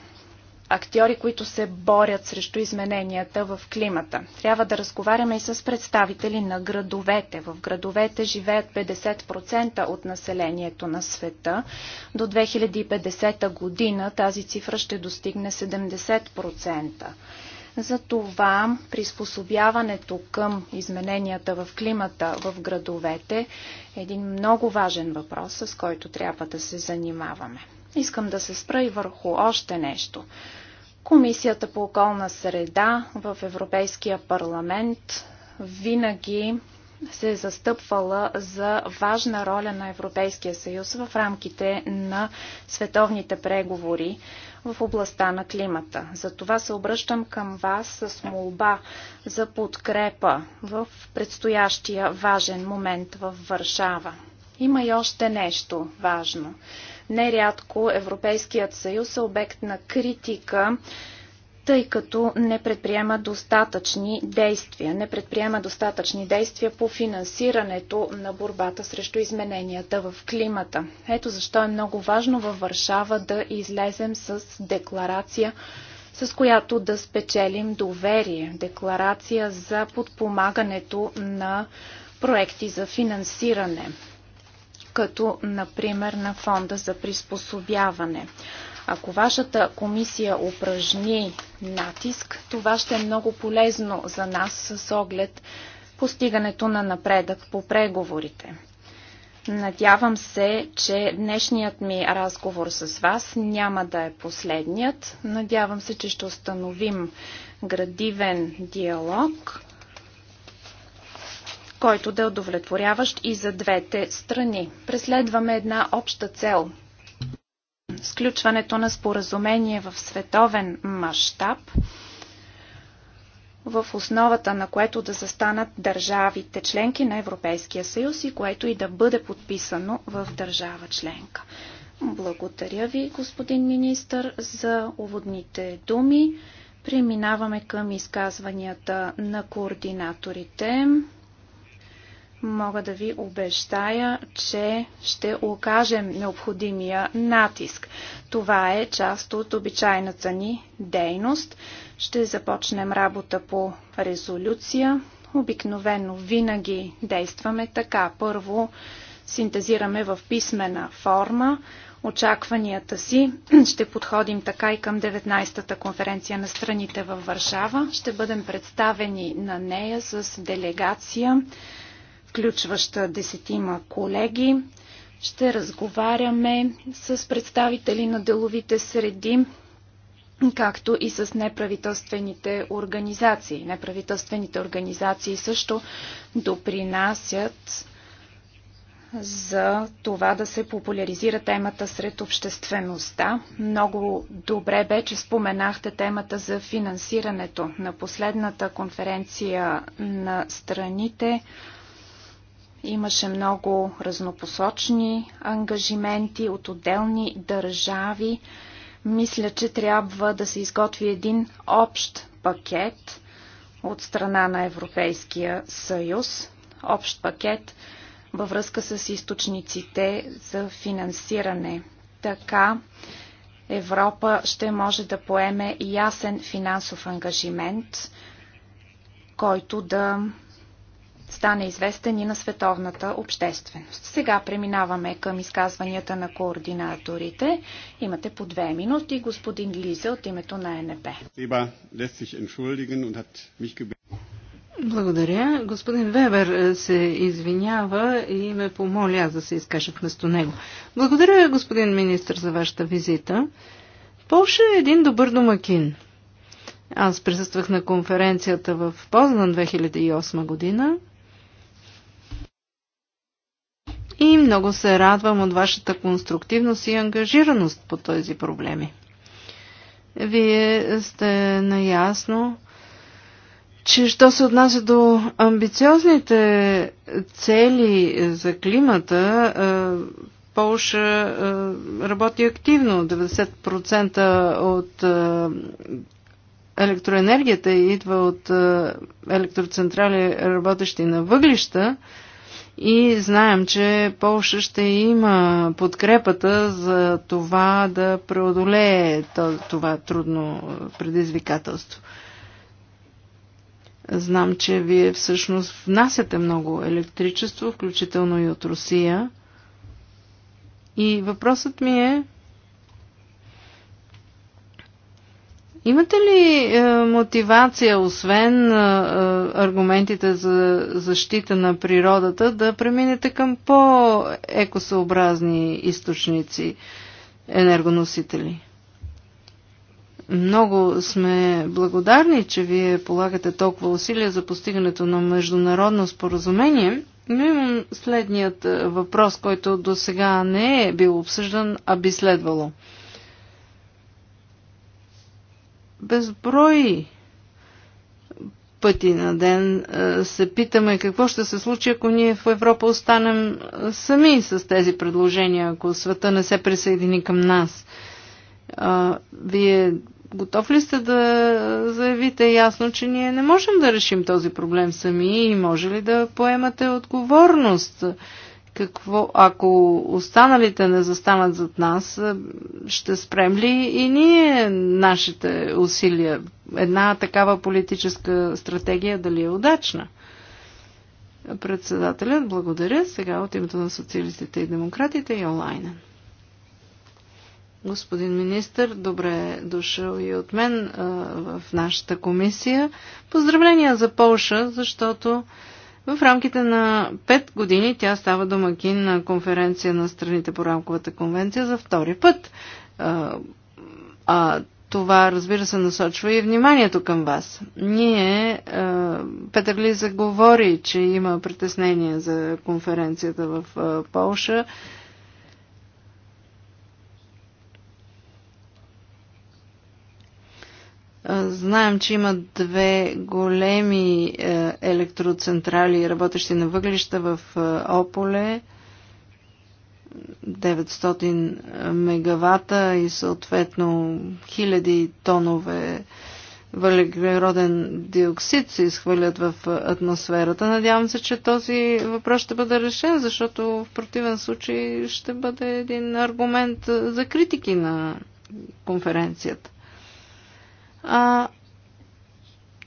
актьори, които се борят срещу измененията в климата. Трябва да разговаряме и с представители на градовете. В градовете живеят 50% от населението на света. До 2050 година тази цифра ще достигне 70%. За това приспособяването към измененията в климата в градовете е един много важен въпрос, с който трябва да се занимаваме. Искам да се спра и върху още нещо. Комисията по околна среда в Европейския парламент винаги се е застъпвала за важна роля на Европейския съюз в рамките на световните преговори в областта на климата. Затова се обръщам към вас с молба за подкрепа в предстоящия важен момент в Варшава. Има и още нещо важно. Нерядко Европейският съюз е обект на критика тъй като не предприема достатъчни действия. Не предприема достатъчни действия по финансирането на борбата срещу измененията в климата. Ето защо е много важно във Варшава да излезем с декларация с която да спечелим доверие, декларация за подпомагането на проекти за финансиране, като например на фонда за приспособяване. Ако вашата комисия упражни натиск, това ще е много полезно за нас с оглед постигането на напредък по преговорите. Надявам се, че днешният ми разговор с вас няма да е последният. Надявам се, че ще установим градивен диалог, който да е удовлетворяващ и за двете страни. Преследваме една обща цел сключването на споразумение в световен мащаб, в основата на което да застанат държавите членки на Европейския съюз и което и да бъде подписано в държава членка. Благодаря ви, господин министр, за уводните думи. Преминаваме към изказванията на координаторите мога да ви обещая, че ще окажем необходимия натиск. Това е част от обичайната ни дейност. Ще започнем работа по резолюция. Обикновено винаги действаме така. Първо синтезираме в писмена форма очакванията си. Ще подходим така и към 19-та конференция на страните във Варшава. Ще бъдем представени на нея с делегация включваща десетима колеги. Ще разговаряме с представители на деловите среди, както и с неправителствените организации. Неправителствените организации също допринасят за това да се популяризира темата сред обществеността. Много добре бе, че споменахте темата за финансирането. На последната конференция на страните Имаше много разнопосочни ангажименти от отделни държави. Мисля, че трябва да се изготви един общ пакет от страна на Европейския съюз. Общ пакет във връзка с източниците за финансиране. Така Европа ще може да поеме ясен финансов ангажимент, който да стане известен и на световната общественост. Сега преминаваме към изказванията на координаторите. Имате по две минути. Господин Лиза от името на НП.
Благодаря. Господин Вебер е, се извинява и ме помоля да се изкажа вместо него. Благодаря, господин министр, за вашата визита. Полша е един добър домакин. Аз присъствах на конференцията в Познан 2008 година и много се радвам от вашата конструктивност и ангажираност по тези проблеми. Вие сте наясно, че що се отнася до амбициозните цели за климата, е, Полша е, работи активно. 90% от е, електроенергията идва от електроцентрали, работещи на въглища и знаем, че Полша ще има подкрепата за това да преодолее това трудно предизвикателство. Знам, че вие всъщност внасяте много електричество, включително и от Русия. И въпросът ми е, Имате ли е, мотивация, освен е, е, аргументите за защита на природата, да преминете към по-екосъобразни източници енергоносители? Много сме благодарни, че вие полагате толкова усилия за постигането на международно споразумение, но имам следният е, въпрос, който до сега не е бил обсъждан, а би следвало – безброй пъти на ден е, се питаме какво ще се случи, ако ние в Европа останем е, сами с тези предложения, ако света не се присъедини към нас. Е, вие готов ли сте да заявите ясно, че ние не можем да решим този проблем сами и може ли да поемате отговорност? Какво, ако останалите не застанат зад нас, е, ще спрем ли и ние нашите усилия? Една такава политическа стратегия дали е удачна? Председателят, благодаря. Сега от името на социалистите и демократите и онлайн. Господин министр, добре е дошъл и от мен а, е, в нашата комисия. Поздравления за Полша, защото в рамките на 5 години тя става домакин на конференция на страните по рамковата конвенция за втори път. А, това, разбира се, насочва и вниманието към вас. Ние, Петър Лиза говори, че има притеснение за конференцията в Полша. Знаем, че има две големи е, електроцентрали, работещи на въглища в е, Ополе. 900 мегавата и съответно хиляди тонове въглероден диоксид се изхвърлят в е, атмосферата. Надявам се, че този въпрос ще бъде решен, защото в противен случай ще бъде един аргумент за критики на конференцията. А,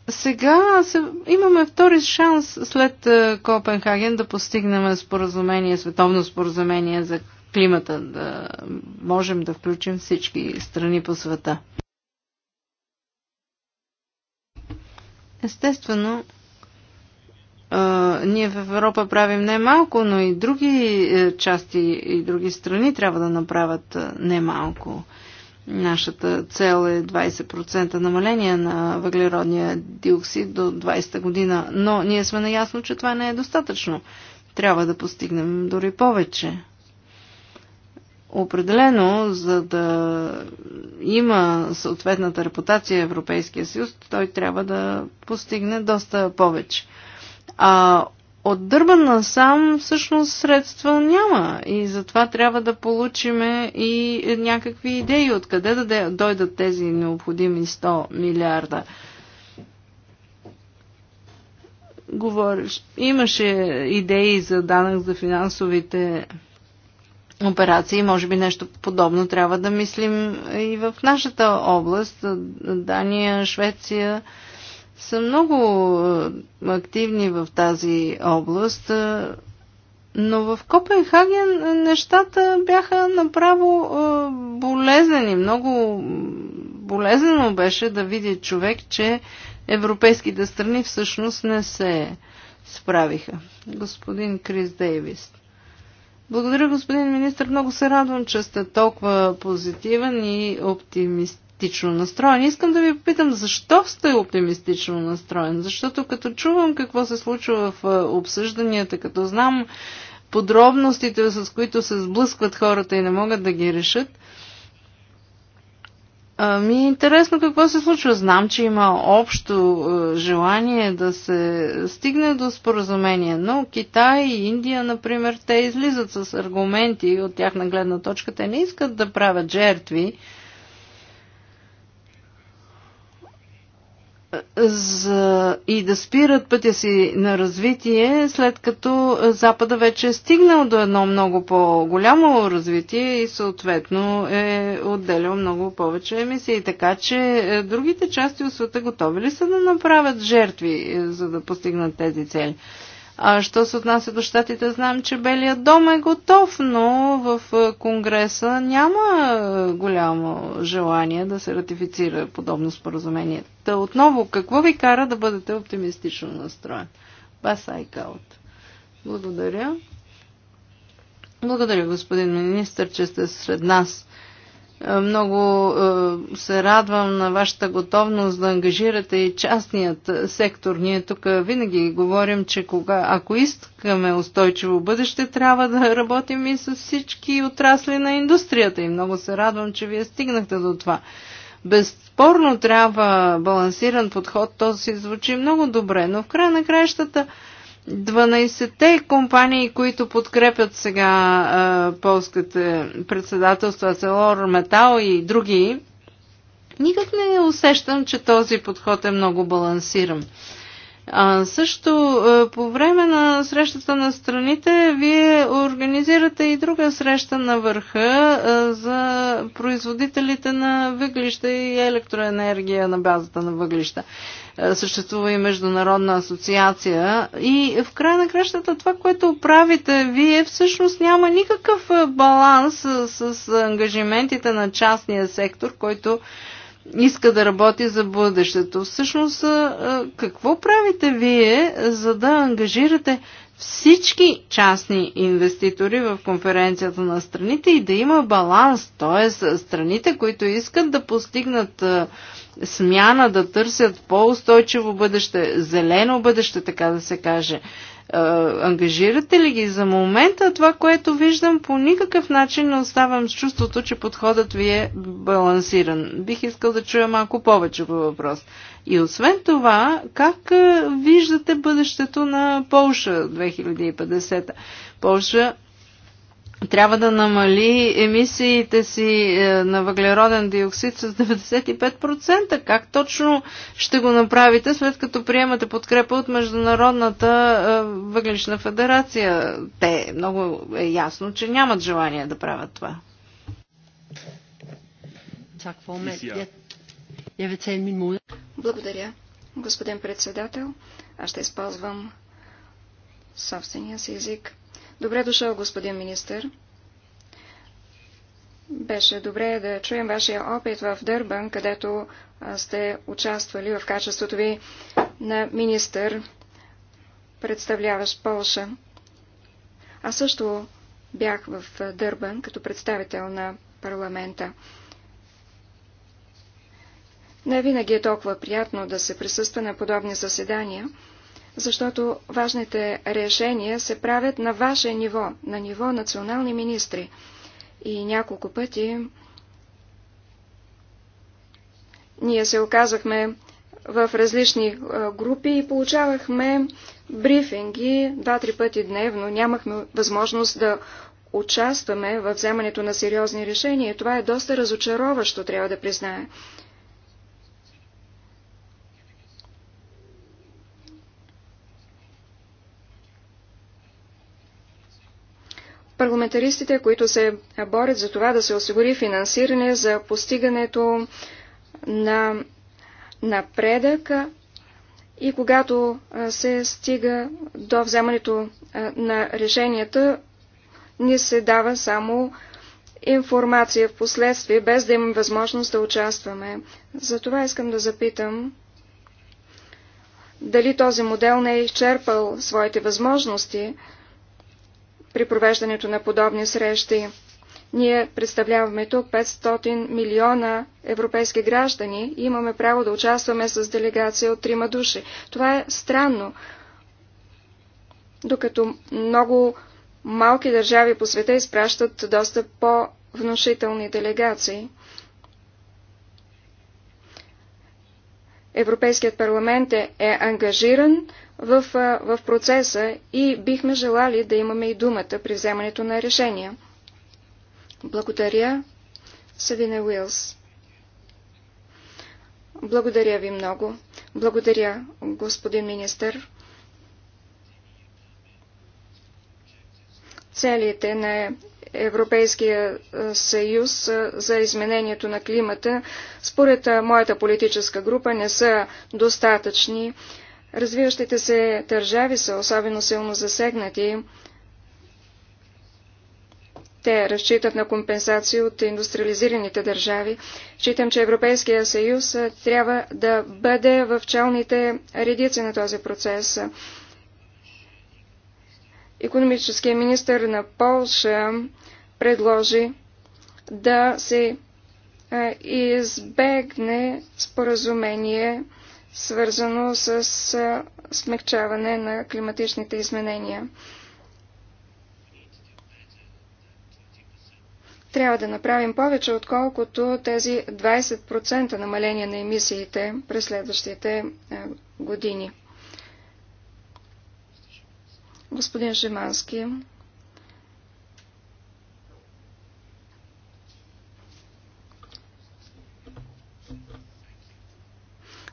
сега се, имаме втори шанс след е, Копенхаген да постигнем споразумение, световно споразумение за климата, да можем да включим всички страни по света. Естествено, е, ние в Европа правим немалко, малко, но и други е, части и други страни трябва да направят немалко. малко. Нашата цел е 20% намаление на въглеродния диоксид до 20-та година, но ние сме наясно, че това не е достатъчно. Трябва да постигнем дори повече. Определено, за да има съответната репутация Европейския съюз, той трябва да постигне доста повече. А от Дърбан насам всъщност средства няма и затова трябва да получиме и някакви идеи откъде да дойдат тези необходими 100 милиарда. Говориш, имаше идеи за данък за финансовите операции, може би нещо подобно трябва да мислим и в нашата област, Дания, Швеция, са много е, активни в тази област, е, но в Копенхаген нещата бяха направо е, болезнени. Много болезнено беше да види човек, че европейските страни всъщност не се справиха. Господин Крис Дейвис. Благодаря, господин министр. Много се радвам, че сте толкова позитивен и оптимист оптимистично настроен. Искам да ви попитам, защо сте оптимистично настроен? Защото като чувам какво се случва в е, обсъжданията, като знам подробностите, с които се сблъскват хората и не могат да ги решат, ми е интересно какво се случва. Знам, че има общо е, желание да се стигне до споразумение, но Китай и Индия, например, те излизат с аргументи от тяхна гледна точка. Те не искат да правят жертви, за, и да спират пътя си на развитие, след като Запада вече е стигнал до едно много по-голямо развитие и съответно е отделял много повече емисии. Така че е, другите части от света готови ли са да направят жертви, е, за да постигнат тези цели? А що се отнася до щатите, знам, че Белият дом е готов, но в е, Конгреса няма голямо желание да се ратифицира подобно споразумение. Та отново, какво ви кара да бъдете оптимистично настроен? Бас Айкаут. Благодаря. Благодаря, господин министр, че сте сред нас. Е, много е, се радвам на вашата готовност да ангажирате и частният сектор. Ние тук винаги говорим, че кога, ако искаме устойчиво бъдеще, трябва да работим и с всички отрасли на индустрията. И много се радвам, че вие стигнахте до това. Безспорно трябва балансиран подход, то си звучи много добре, но в края на краищата 12-те компании, които подкрепят сега а, полската председателство, Ацелор, Метал и други, никак не усещам, че този подход е много балансиран. А, също а, по време на срещата на страните, вие организирате и друга среща на върха за производителите на въглища и електроенергия на базата на въглища. А, е, съществува и Международна асоциация. И в край на кращата това, което правите вие, всъщност няма никакъв баланс с ангажиментите на частния сектор, който иска да работи за бъдещето. Всъщност, какво правите вие, за да ангажирате всички частни инвеститори в конференцията на страните и да има баланс, т.е. страните, които искат да постигнат смяна, да търсят по-устойчиво бъдеще, зелено бъдеще, така да се каже, ангажирате ли ги? За момента това, което виждам, по никакъв начин не оставам с чувството, че подходът ви е балансиран. Бих искал да чуя малко повече по въпрос. И освен това, как виждате бъдещето на Полша 2050? Полша трябва да намали емисиите си е, на въглероден диоксид с 95%. Как точно ще го направите, след като приемате подкрепа от Международната е, въглишна федерация? Те много е ясно, че нямат желание да правят това.
Благодаря, господин председател. Аз ще използвам собствения си език. Добре дошъл, господин министър. Беше добре да чуем вашия опит в Дърбан, където сте участвали в качеството ви на министър, представляващ Полша. Аз също бях в Дърбан като представител на парламента. Не винаги е толкова приятно да се присъства на подобни заседания – защото важните решения се правят на ваше ниво, на ниво национални министри. И няколко пъти ние се оказахме в различни групи и получавахме брифинги два-три пъти дневно. Нямахме възможност да участваме в вземането на сериозни решения. Това е доста разочароващо, трябва да призная. парламентаристите, които се борят за това да се осигури финансиране за постигането на напредък и когато се стига до вземането на решенията, ни се дава само информация в последствие, без да имаме възможност да участваме. Затова искам да запитам дали този модел не е изчерпал своите възможности, при провеждането на подобни срещи. Ние представляваме тук 500 милиона европейски граждани и имаме право да участваме с делегация от трима души. Това е странно, докато много малки държави по света изпращат доста по-внушителни делегации. Европейският парламент е, е ангажиран, в, в процеса и бихме желали да имаме и думата при вземането на решения. Благодаря, Савина Уилс. Благодаря ви много. Благодаря, господин министър. Целите на Европейския съюз за изменението на климата, според моята политическа група, не са достатъчни. Развиващите се държави са особено силно засегнати. Те разчитат на компенсации от индустриализираните държави. Считам, че Европейския съюз трябва да бъде в челните редици на този процес. Економическия министр на Полша предложи да се избегне споразумение свързано с смягчаване на климатичните изменения. Трябва да направим повече, отколкото тези 20% намаление на емисиите през следващите години. Господин Шимански.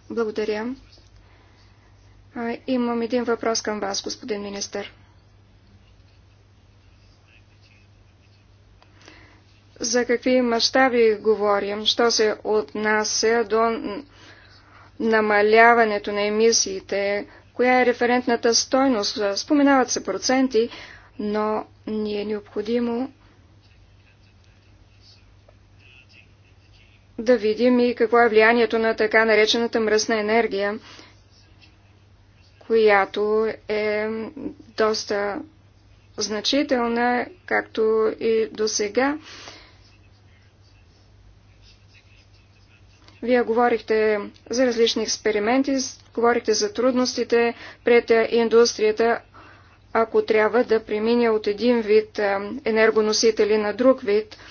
Благодаря. Имам един въпрос към вас, господин министър. За какви мащаби говорим, що се отнася до намаляването на емисиите, коя е референтната стойност? Споменават се проценти, но ни е необходимо да видим и какво е влиянието на така наречената мръсна енергия, която е доста значителна, както и до сега. Вие говорихте за различни експерименти, говорихте за трудностите пред индустрията, ако трябва да премине от един вид енергоносители на друг вид –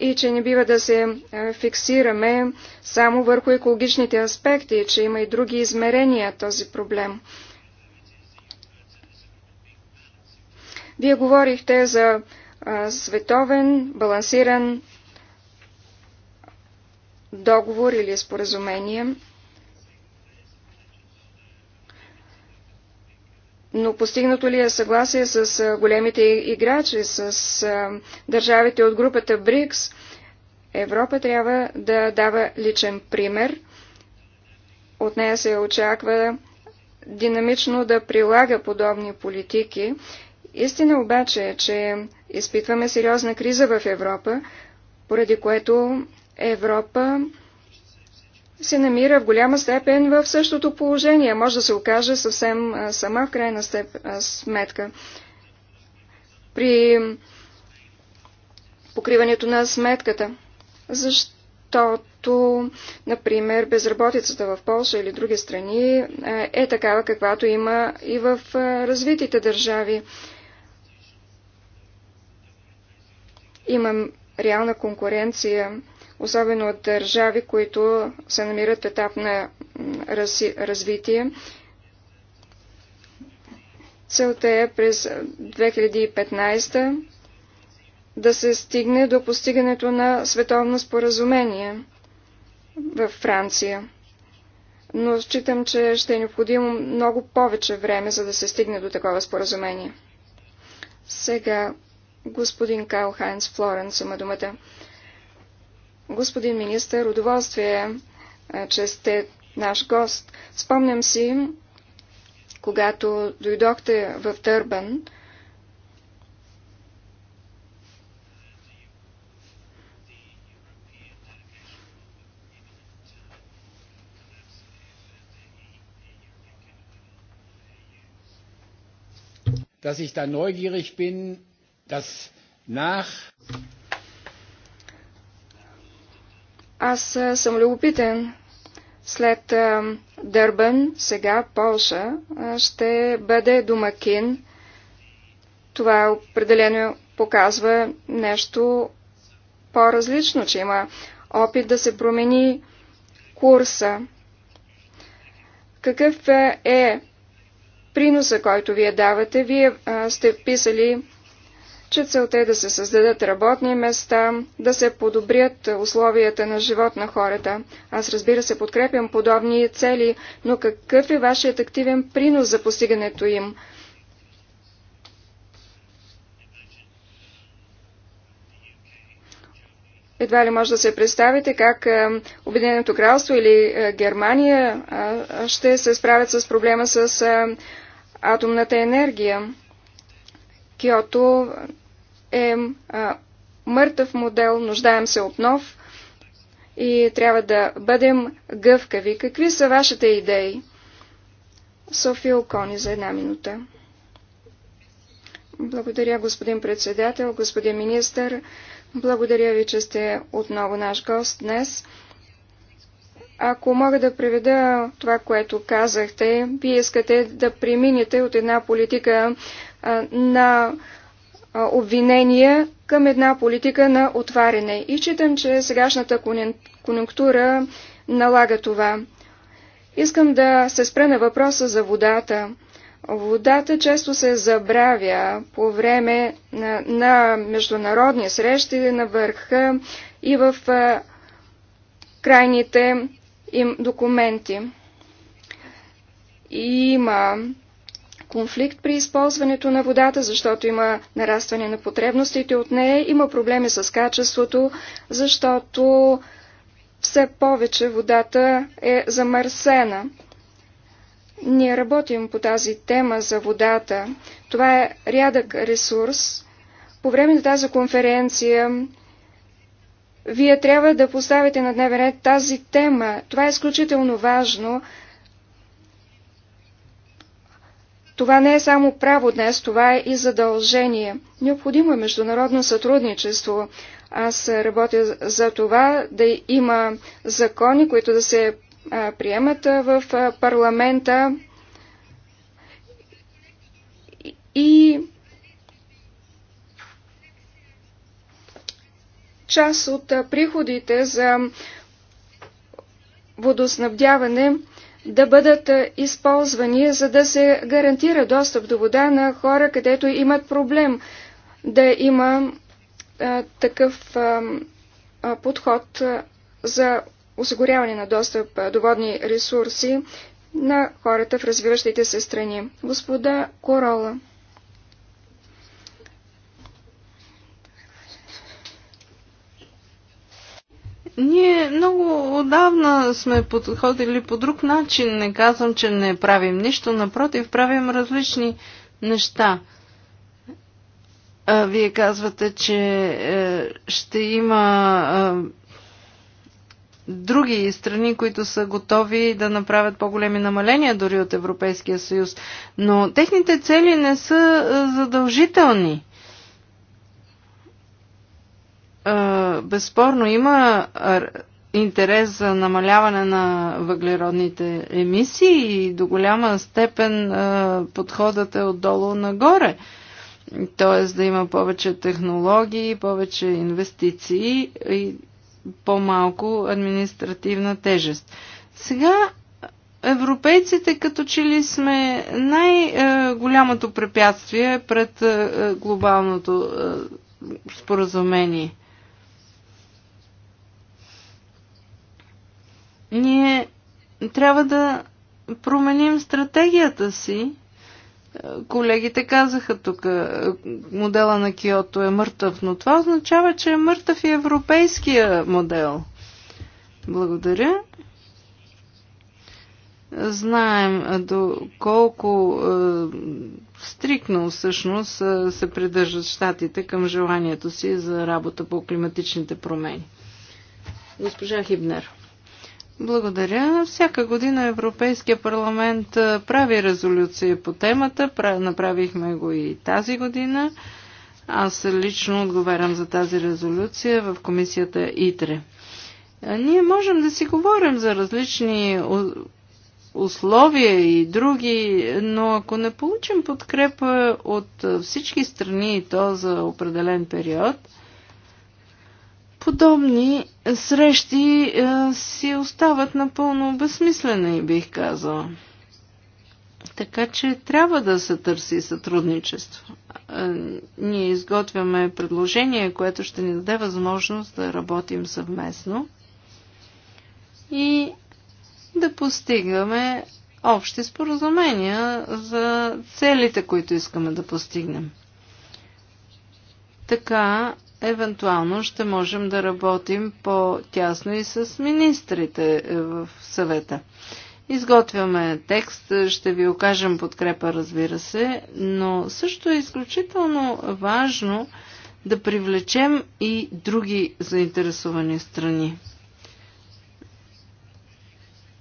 и че не бива да се е, фиксираме само върху екологичните аспекти, че има и други измерения този проблем. Вие говорихте за е, световен, балансиран договор или споразумение. но постигнато ли е съгласие с големите играчи, с държавите от групата БРИКС? Европа трябва да дава личен пример. От нея се очаква динамично да прилага подобни политики. Истина обаче е, че изпитваме сериозна криза в Европа, поради което Европа се намира в голяма степен в същото положение. Може да се окаже съвсем сама в крайна степ, сметка. При покриването на сметката. Защото, например, безработицата в Польша или други страни е такава, каквато има и в развитите държави. Имам реална конкуренция особено от държави, които се намират в етап на развитие. Целта е през 2015 да се стигне до постигането на световно споразумение във Франция. Но считам, че ще е необходимо много повече време, за да се стигне до такова споразумение. Сега господин Кайл Хайнс Флоренс има думата. Господин министър, удоволствие, че сте наш гост. Спомням си, когато дойдохте в Търбан,
dass ich da neugierig bin, dass nach
аз съм любопитен. След Дърбен, сега Полша, ще бъде домакин. Това определено показва нещо по-различно, че има опит да се промени курса. Какъв е приноса, който вие давате? Вие а, сте писали че целта е да се създадат работни места, да се подобрят условията на живот на хората. Аз разбира се подкрепям подобни цели, но какъв е вашият активен принос за постигането им? Едва ли може да се представите как е, Обединеното кралство или е, Германия е, ще се справят с проблема с атомната енергия. Киото е мъртъв модел, нуждаем се от нов и трябва да бъдем гъвкави. Какви са вашите идеи? София Окони за една минута. Благодаря, господин председател, господин министър. Благодаря ви, че сте отново наш гост днес. Ако мога да преведа това, което казахте, вие искате да преминете от една политика на обвинения към една политика на отваряне. И читам, че сегашната конюнктура налага това. Искам да се спра на въпроса за водата. Водата често се забравя по време на, на международни срещи на върха и в а, крайните им документи. И има конфликт при използването на водата, защото има нарастване на потребностите от нея, има проблеми с качеството, защото все повече водата е замърсена. Ние работим по тази тема за водата. Това е рядък ресурс. По време на тази конференция вие трябва да поставите на дневен ред тази тема. Това е изключително важно, Това не е само право днес, това е и задължение. Необходимо е международно сътрудничество. Аз работя за това да има закони, които да се приемат в парламента и част от приходите за водоснабдяване да бъдат използвани, за да се гарантира достъп до вода на хора, където имат проблем да има а, такъв а, подход за осигуряване на достъп до водни ресурси на хората в развиващите се страни. Господа Корола.
Ние много отдавна сме подходили по друг начин. Не казвам, че не правим нищо. Напротив, правим различни неща. А, вие казвате, че е, ще има е, други страни, които са готови да направят по-големи намаления дори от Европейския съюз. Но техните цели не са е, задължителни безспорно има интерес за намаляване на въглеродните емисии и до голяма степен подходът е отдолу нагоре. Тоест да има повече технологии, повече инвестиции и по-малко административна тежест. Сега европейците като че ли сме най-голямото препятствие пред глобалното споразумение – Ние трябва да променим стратегията си. Колегите казаха тук, е, модела на Киото е мъртъв, но това означава, че е мъртъв и европейския модел. Благодаря. Знаем до колко е, стрикно всъщност е, се придържат щатите към желанието си за работа по климатичните промени. Госпожа Хибнер. Благодаря. Всяка година Европейския парламент прави резолюция по темата. Направихме го и тази година. Аз лично отговарям за тази резолюция в комисията ИТРЕ. Ние можем да си говорим за различни условия и други, но ако не получим подкрепа от всички страни и то за определен период – подобни срещи е, си остават напълно безсмислени, бих казала. Така че трябва да се търси сътрудничество. Е, ние изготвяме предложение, което ще ни даде възможност да работим съвместно и да постигаме общи споразумения за целите, които искаме да постигнем. Така евентуално ще можем да работим по-тясно и с министрите е, в съвета. Изготвяме текст, ще ви окажем подкрепа, разбира се, но също е изключително важно да привлечем и други заинтересовани страни.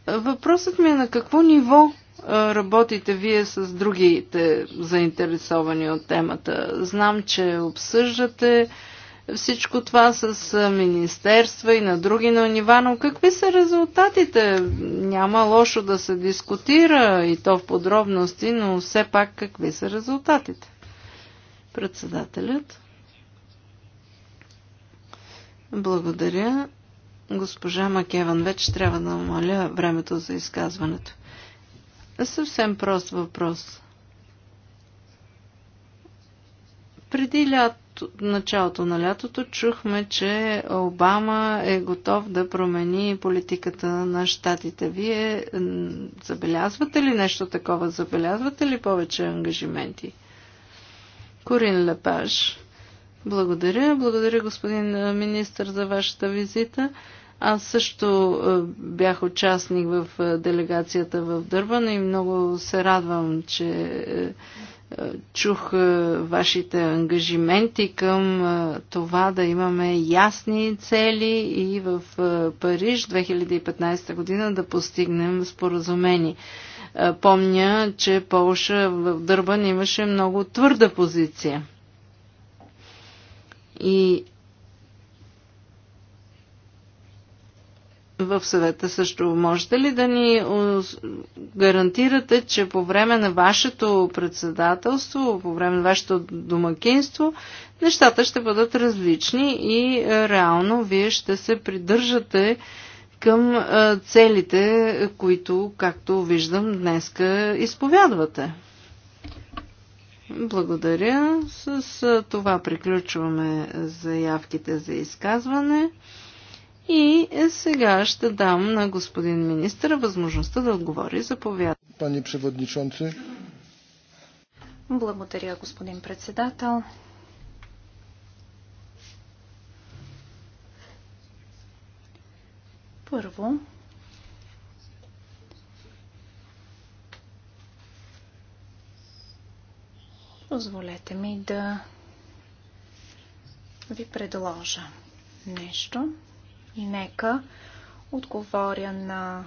Въпросът ми е на какво ниво е, работите вие с другите заинтересовани от темата. Знам, че обсъждате всичко това с министерства и на други на нива, но какви са резултатите? Няма лошо да се дискутира и то в подробности, но все пак какви са резултатите? Председателят. Благодаря. Госпожа Макеван, вече трябва да намаля времето за изказването. Съвсем прост въпрос. Преди лято началото на лятото чухме, че Обама е готов да промени политиката на щатите. Вие забелязвате ли нещо такова? Забелязвате ли повече ангажименти? Корин Лепаш. Благодаря. Благодаря, господин министр, за вашата визита. Аз също бях участник в делегацията в Дърбан и много се радвам, че чух е, вашите ангажименти към е, това да имаме ясни цели и в е, Париж 2015 година да постигнем споразумени. Помня, че Полша в Дърбан имаше много твърда позиция. И в съвета също. Можете ли да ни гарантирате, че по време на вашето председателство, по време на вашето домакинство, нещата ще бъдат различни и е, реално вие ще се придържате към е, целите, които, както виждам, днеска изповядвате? Благодаря. С това приключваме заявките за изказване. И сега ще дам на господин министър възможността да отговори. Заповяда. Пани преводничонци.
Благодаря, господин председател. Първо, позволете ми да ви предложа нещо. И Нека отговоря на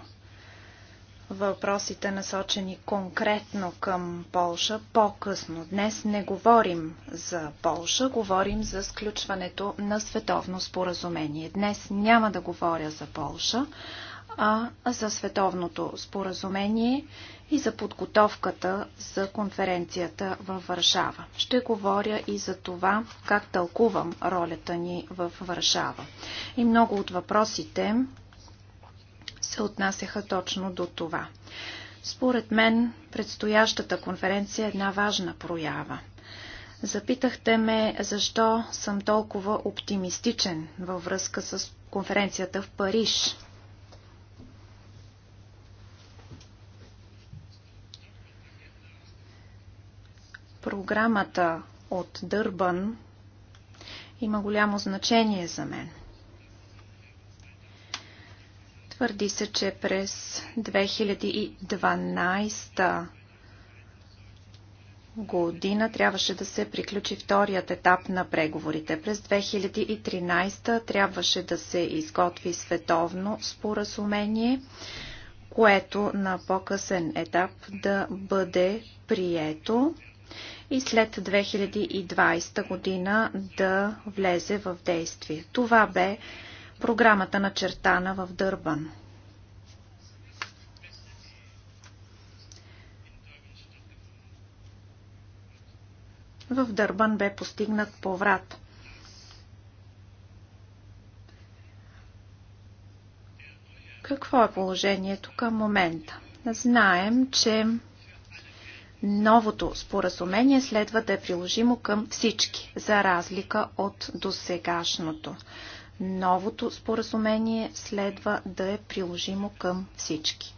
въпросите насочени конкретно към Полша по-късно. Днес не говорим за Полша, говорим за сключването на световно споразумение. Днес няма да говоря за Полша, а за световното споразумение и за подготовката за конференцията във Варшава. Ще говоря и за това как тълкувам ролята ни в Варшава. И много от въпросите се отнасяха точно до това. Според мен, предстоящата конференция е една важна проява. Запитахте ме защо съм толкова оптимистичен във връзка с конференцията в Париж Програмата от Дърбан има голямо значение за мен. Твърди се, че през 2012 година трябваше да се приключи вторият етап на преговорите. През 2013 трябваше да се изготви световно споразумение, което на по-късен етап да бъде прието и след 2020 година да влезе в действие. Това бе програмата на чертана в Дърбан. В Дърбан бе постигнат поврат. Какво е положението към момента? Знаем, че Новото споразумение следва да е приложимо към всички, за разлика от досегашното. Новото споразумение следва да е приложимо към всички.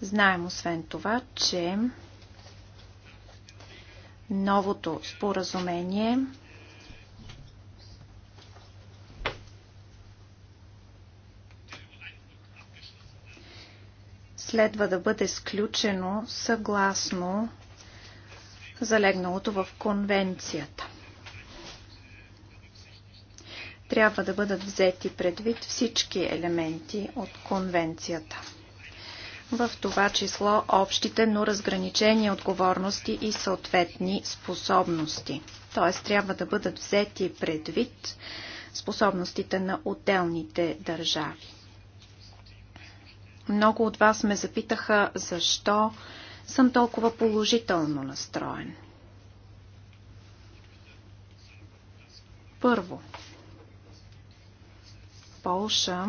Знаем освен това, че новото споразумение следва да бъде сключено съгласно залегналото в конвенцията. Трябва да бъдат взети предвид всички елементи от конвенцията. В това число общите, но разграничени отговорности и съответни способности. Т.е. трябва да бъдат взети предвид способностите на отделните държави. Много от вас ме запитаха защо съм толкова положително настроен. Първо, Полша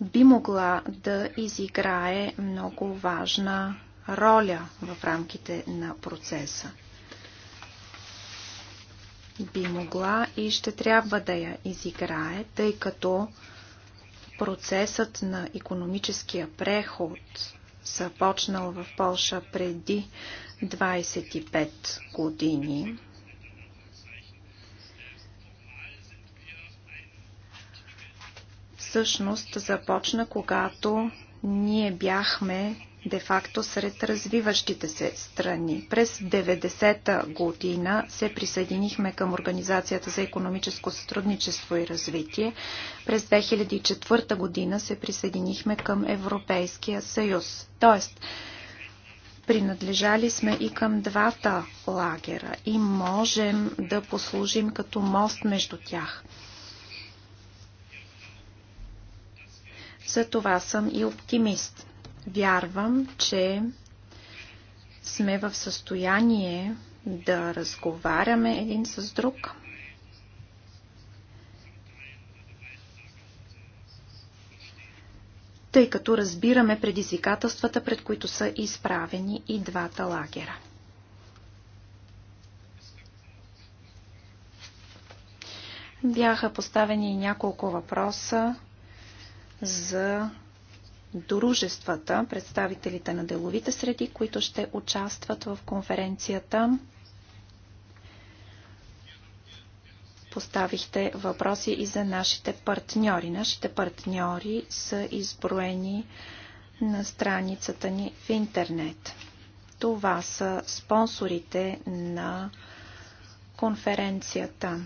би могла да изиграе много важна роля в рамките на процеса. Би могла и ще трябва да я изиграе, тъй като Процесът на економическия преход, започнал в Полша преди 25 години, всъщност започна, когато ние бяхме де-факто сред развиващите се страни. През 90-та година се присъединихме към Организацията за економическо сътрудничество и развитие. През 2004 година се присъединихме към Европейския съюз. Тоест, принадлежали сме и към двата лагера и можем да послужим като мост между тях. За това съм и оптимист. Вярвам, че сме в състояние да разговаряме един с друг. тъй като разбираме предизвикателствата, пред които са изправени и двата лагера. Бяха поставени няколко въпроса за дружествата, представителите на деловите среди, които ще участват в конференцията. Поставихте въпроси и за нашите партньори. Нашите партньори са изброени на страницата ни в интернет. Това са спонсорите на конференцията.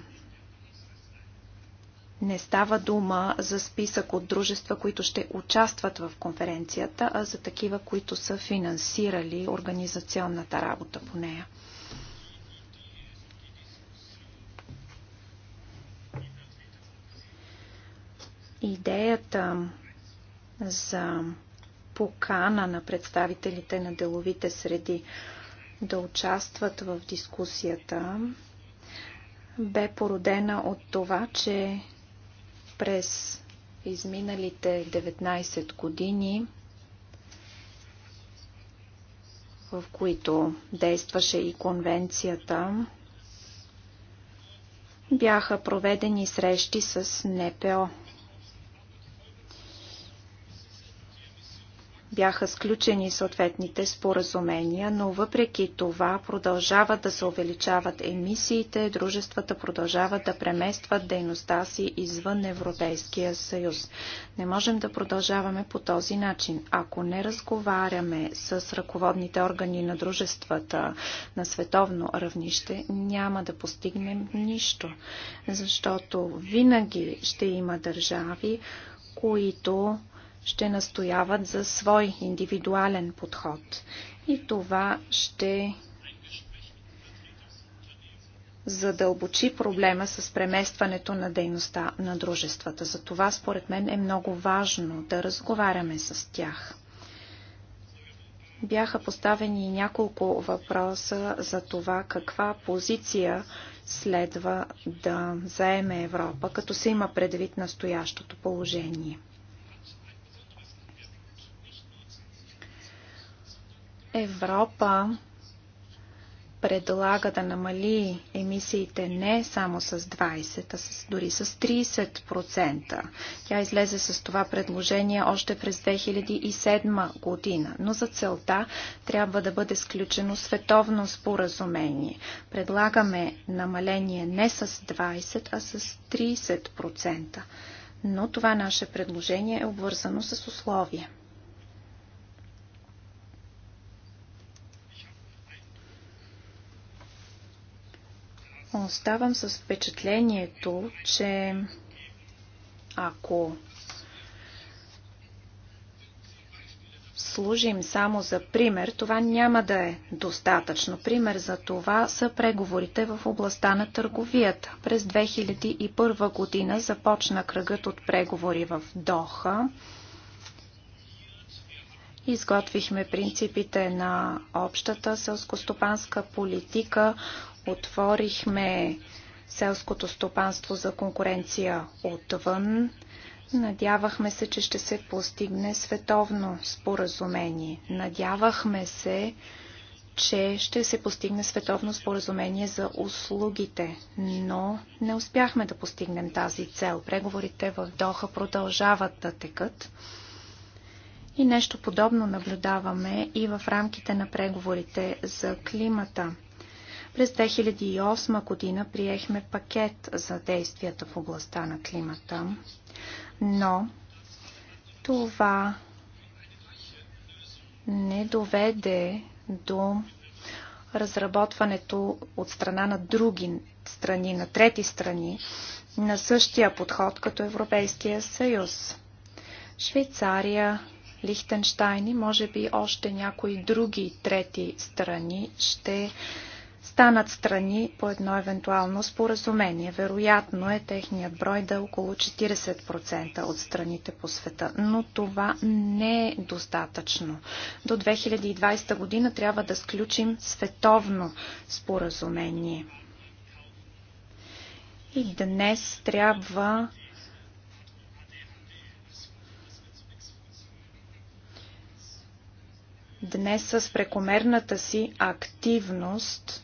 Не става дума за списък от дружества, които ще участват в конференцията, а за такива, които са финансирали организационната работа по нея. Идеята за покана на представителите на деловите среди да участват в дискусията бе породена от това, че през изминалите 19 години, в които действаше и конвенцията, бяха проведени срещи с НПО бяха сключени съответните споразумения, но въпреки това продължават да се увеличават емисиите, дружествата продължават да преместват дейността си извън Европейския съюз. Не можем да продължаваме по този начин. Ако не разговаряме с ръководните органи на дружествата на световно равнище, няма да постигнем нищо, защото винаги ще има държави, които ще настояват за свой индивидуален подход. И това ще задълбочи проблема с преместването на дейността на дружествата. За това, според мен, е много важно да разговаряме с тях. Бяха поставени няколко въпроса за това каква позиция следва да заеме Европа, като се има предвид настоящото положение. Европа предлага да намали емисиите не само с 20, а с, дори с 30%. Тя излезе с това предложение още през 2007 година, но за целта трябва да бъде сключено световно споразумение. Предлагаме намаление не с 20, а с 30%. Но това наше предложение е обвързано с условия. Оставам с впечатлението, че ако служим само за пример, това няма да е достатъчно. Пример за това са преговорите в областта на търговията. През 2001 година започна кръгът от преговори в Доха. Изготвихме принципите на общата селскостопанска политика, отворихме селското стопанство за конкуренция отвън. Надявахме се, че ще се постигне световно споразумение. Надявахме се, че ще се постигне световно споразумение за услугите, но не успяхме да постигнем тази цел. Преговорите в Доха продължават да текат. И нещо подобно наблюдаваме и в рамките на преговорите за климата. През 2008 година приехме пакет за действията в областта на климата, но това не доведе до разработването от страна на други страни, на трети страни, на същия подход като Европейския съюз. Швейцария, Лихтенштайн и може би още някои други трети страни ще станат страни по едно евентуално споразумение. Вероятно е техният брой да е около 40% от страните по света, но това не е достатъчно. До 2020 година трябва да сключим световно споразумение. И днес трябва Днес с прекомерната си активност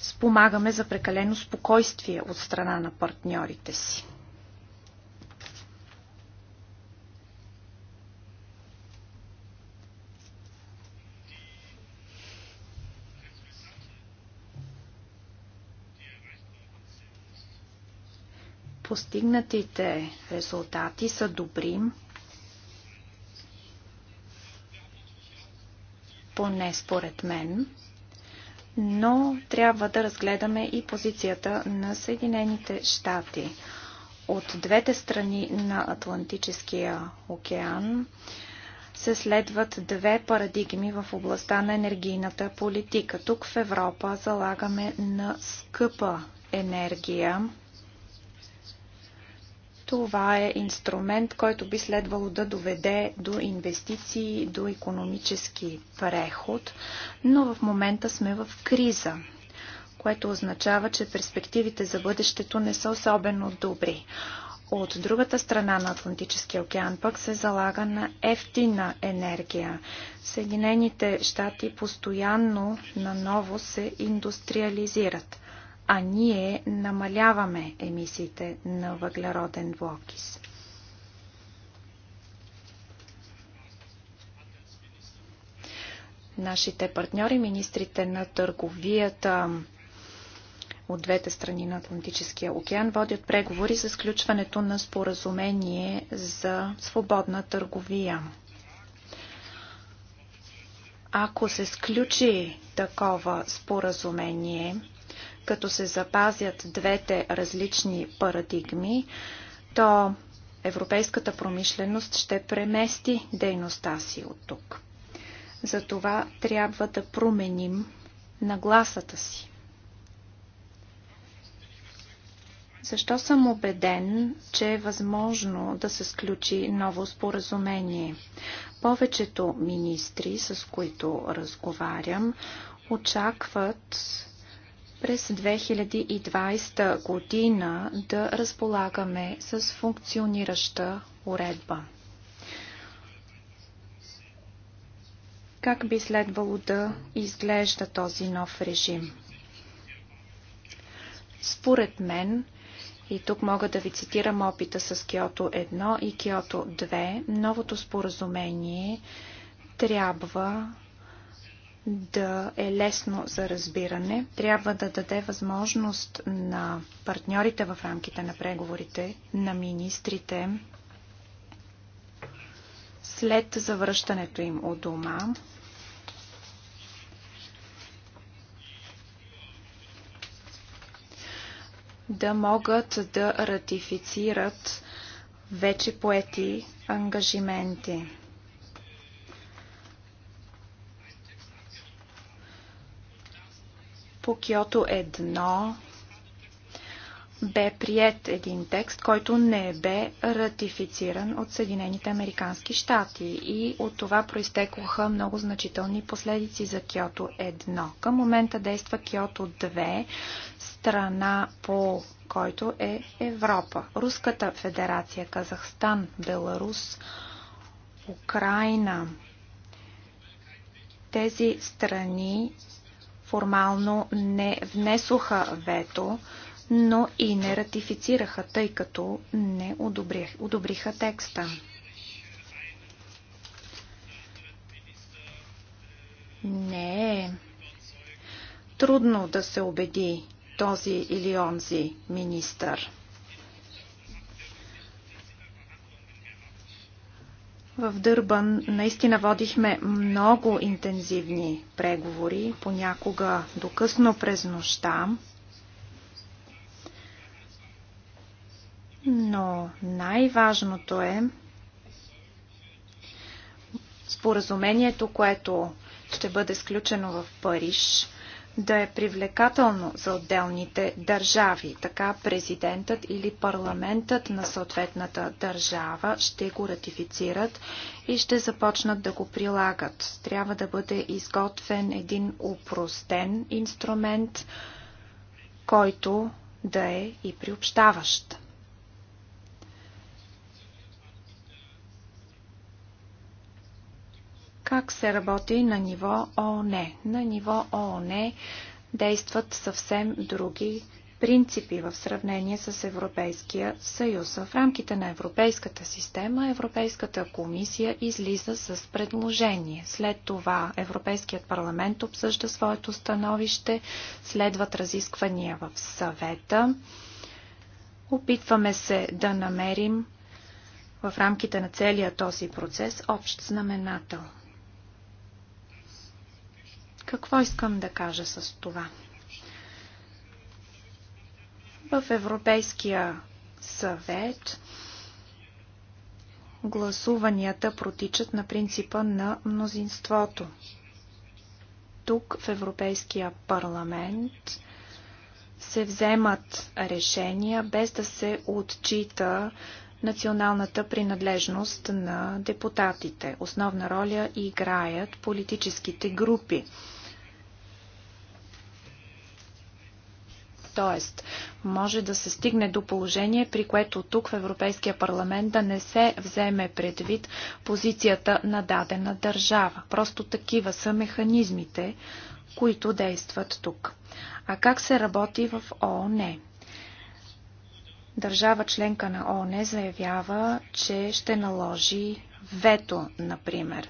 спомагаме за прекалено спокойствие от страна на партньорите си. постигнатите резултати са добри, поне според мен. Но трябва да разгледаме и позицията на Съединените щати. От двете страни на Атлантическия океан се следват две парадигми в областта на енергийната политика. Тук в Европа залагаме на скъпа енергия, това е инструмент, който би следвало да доведе до инвестиции, до економически преход, но в момента сме в криза което означава, че перспективите за бъдещето не са особено добри. От другата страна на Атлантическия океан пък се залага на ефтина енергия. Съединените щати постоянно наново се индустриализират а ние намаляваме емисиите на въглероден двуокис. Нашите партньори, министрите на търговията от двете страни на Атлантическия океан, водят преговори за сключването на споразумение за свободна търговия. Ако се сключи такова споразумение, като се запазят двете различни парадигми, то европейската промишленост ще премести дейността си от тук. Затова трябва да променим нагласата си. Защо съм убеден, че е възможно да се сключи ново споразумение? Повечето министри, с които разговарям, очакват през 2020 година да разполагаме с функционираща уредба. Как би следвало да изглежда този нов режим? Според мен, и тук мога да ви цитирам опита с Киото 1 и Киото 2, новото споразумение трябва да е лесно за разбиране. Трябва да даде възможност на партньорите в рамките на преговорите, на министрите, след завръщането им от дома, да могат да ратифицират вече поети ангажименти. По Киото 1 бе прият един текст, който не бе ратифициран от Съединените Американски щати и от това проистекоха много значителни последици за Киото 1. Към момента действа Киото 2, страна по който е Европа. Руската федерация, Казахстан, Беларус, Украина. Тези страни формално не внесоха вето, но и не ратифицираха, тъй като не одобриха текста. Не е трудно да се убеди този или онзи министър. В Дърбан наистина водихме много интензивни преговори, понякога докъсно през нощта, но най-важното е споразумението, което ще бъде сключено в Париж, да е привлекателно за отделните държави. Така президентът или парламентът на съответната държава ще го ратифицират и ще започнат да го прилагат. Трябва да бъде изготвен един упростен инструмент, който да е и приобщаващ. Как се работи на ниво ООН? На ниво ООН действат съвсем други принципи в сравнение с Европейския съюз. В рамките на европейската система Европейската комисия излиза с предложение. След това Европейският парламент обсъжда своето становище, следват разисквания в съвета. Опитваме се да намерим в рамките на целия този процес общ знаменател. Какво искам да кажа с това? В Европейския съвет гласуванията протичат на принципа на мнозинството. Тук в Европейския парламент се вземат решения без да се отчита националната принадлежност на депутатите. Основна роля играят политическите групи Тоест, може да се стигне до положение, при което тук в Европейския парламент да не се вземе предвид позицията на дадена държава. Просто такива са механизмите, които действат тук. А как се работи в ООН? Държава членка на ООН заявява, че ще наложи вето, например.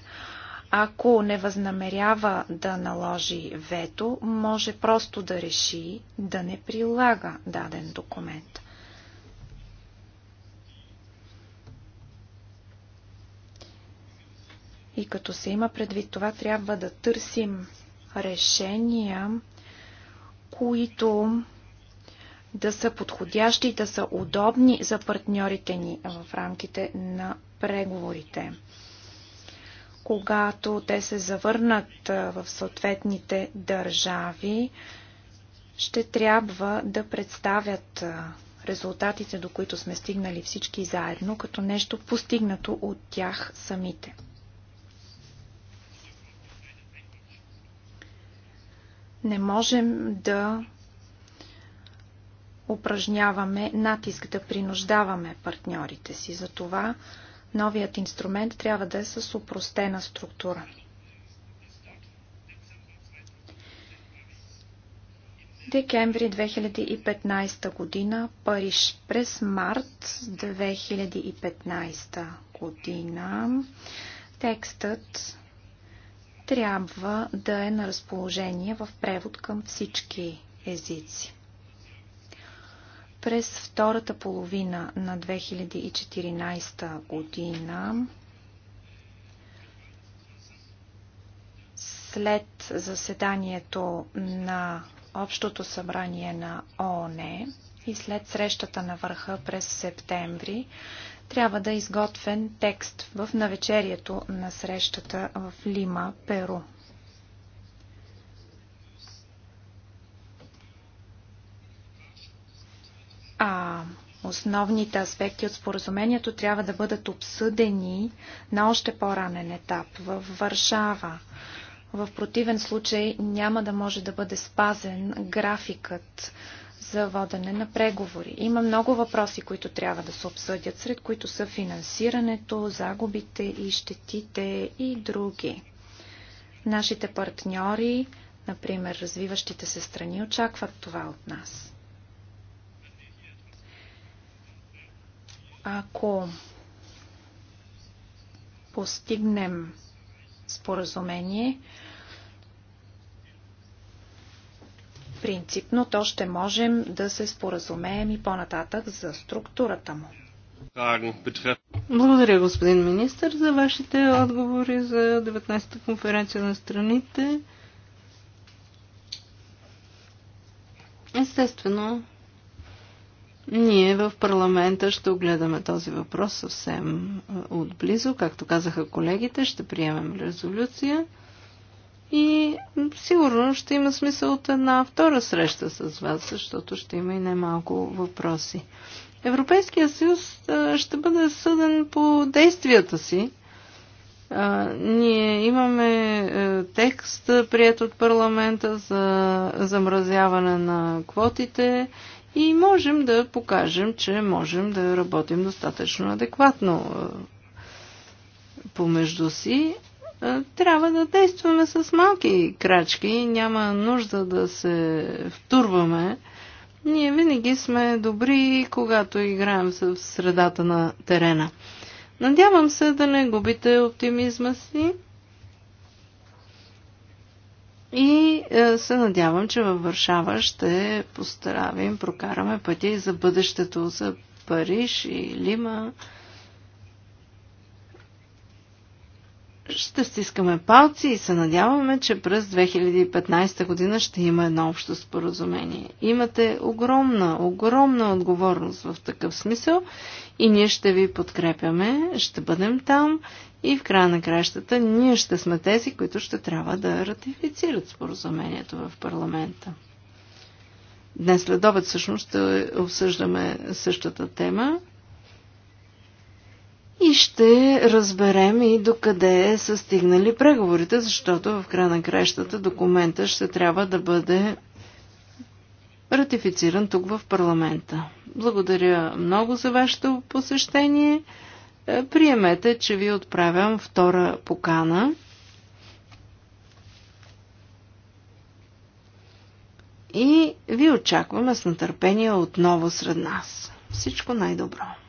Ако не възнамерява да наложи вето, може просто да реши да не прилага даден документ. И като се има предвид това, трябва да търсим решения, които да са подходящи, да са удобни за партньорите ни в рамките на преговорите когато те се завърнат в съответните държави, ще трябва да представят резултатите, до които сме стигнали всички заедно, като нещо постигнато от тях самите. Не можем да упражняваме натиск, да принуждаваме партньорите си. Затова това Новият инструмент трябва да е с упростена структура. декември 2015 година, Париж през март 2015 година. Текстът трябва да е на разположение в превод към всички езици. През втората половина на 2014 година след заседанието на Общото събрание на ООН и след срещата на върха през септември, трябва да е изготвен текст в навечерието на срещата в Лима, Перу. а основните аспекти от споразумението трябва да бъдат обсъдени на още по-ранен етап в Варшава. В противен случай няма да може да бъде спазен графикът за водене на преговори. Има много въпроси, които трябва да се обсъдят, сред които са финансирането, загубите и щетите и други. Нашите партньори, например развиващите се страни, очакват това от нас. Ако постигнем споразумение, принципно то ще можем да
се споразумеем и по-нататък за структурата му. Благодаря, господин министр, за вашите отговори за 19-та конференция на страните. Естествено, ние в парламента ще огледаме този въпрос съвсем отблизо. Както казаха колегите, ще приемем резолюция и сигурно ще има смисъл от една втора среща с вас, защото ще има и немалко въпроси. Европейския съюз ще бъде съден по действията си. Ние имаме текст, прият от парламента за замразяване на квотите и можем да покажем, че можем да работим достатъчно адекватно помежду си. Трябва да действаме с малки крачки, няма нужда да се втурваме. Ние винаги сме добри, когато играем в средата на терена. Надявам се да не губите оптимизма си и е, се надявам, че във Варшава ще постаравим, прокараме пъти за бъдещето за Париж и Лима. Ще стискаме палци и се надяваме, че през 2015 година ще има едно общо споразумение. Имате огромна, огромна отговорност в такъв смисъл и ние ще ви подкрепяме, ще бъдем там и в края на кращата ние ще сме тези, които ще трябва да ратифицират споразумението в парламента. Днес след обед всъщност ще обсъждаме същата тема и ще разберем и докъде са стигнали преговорите, защото в края на краищата документа ще трябва да бъде ратифициран тук в парламента. Благодаря много за вашето посещение. Е, приемете, че ви отправям втора покана. И ви очакваме с нетърпение отново сред нас. Всичко най-добро!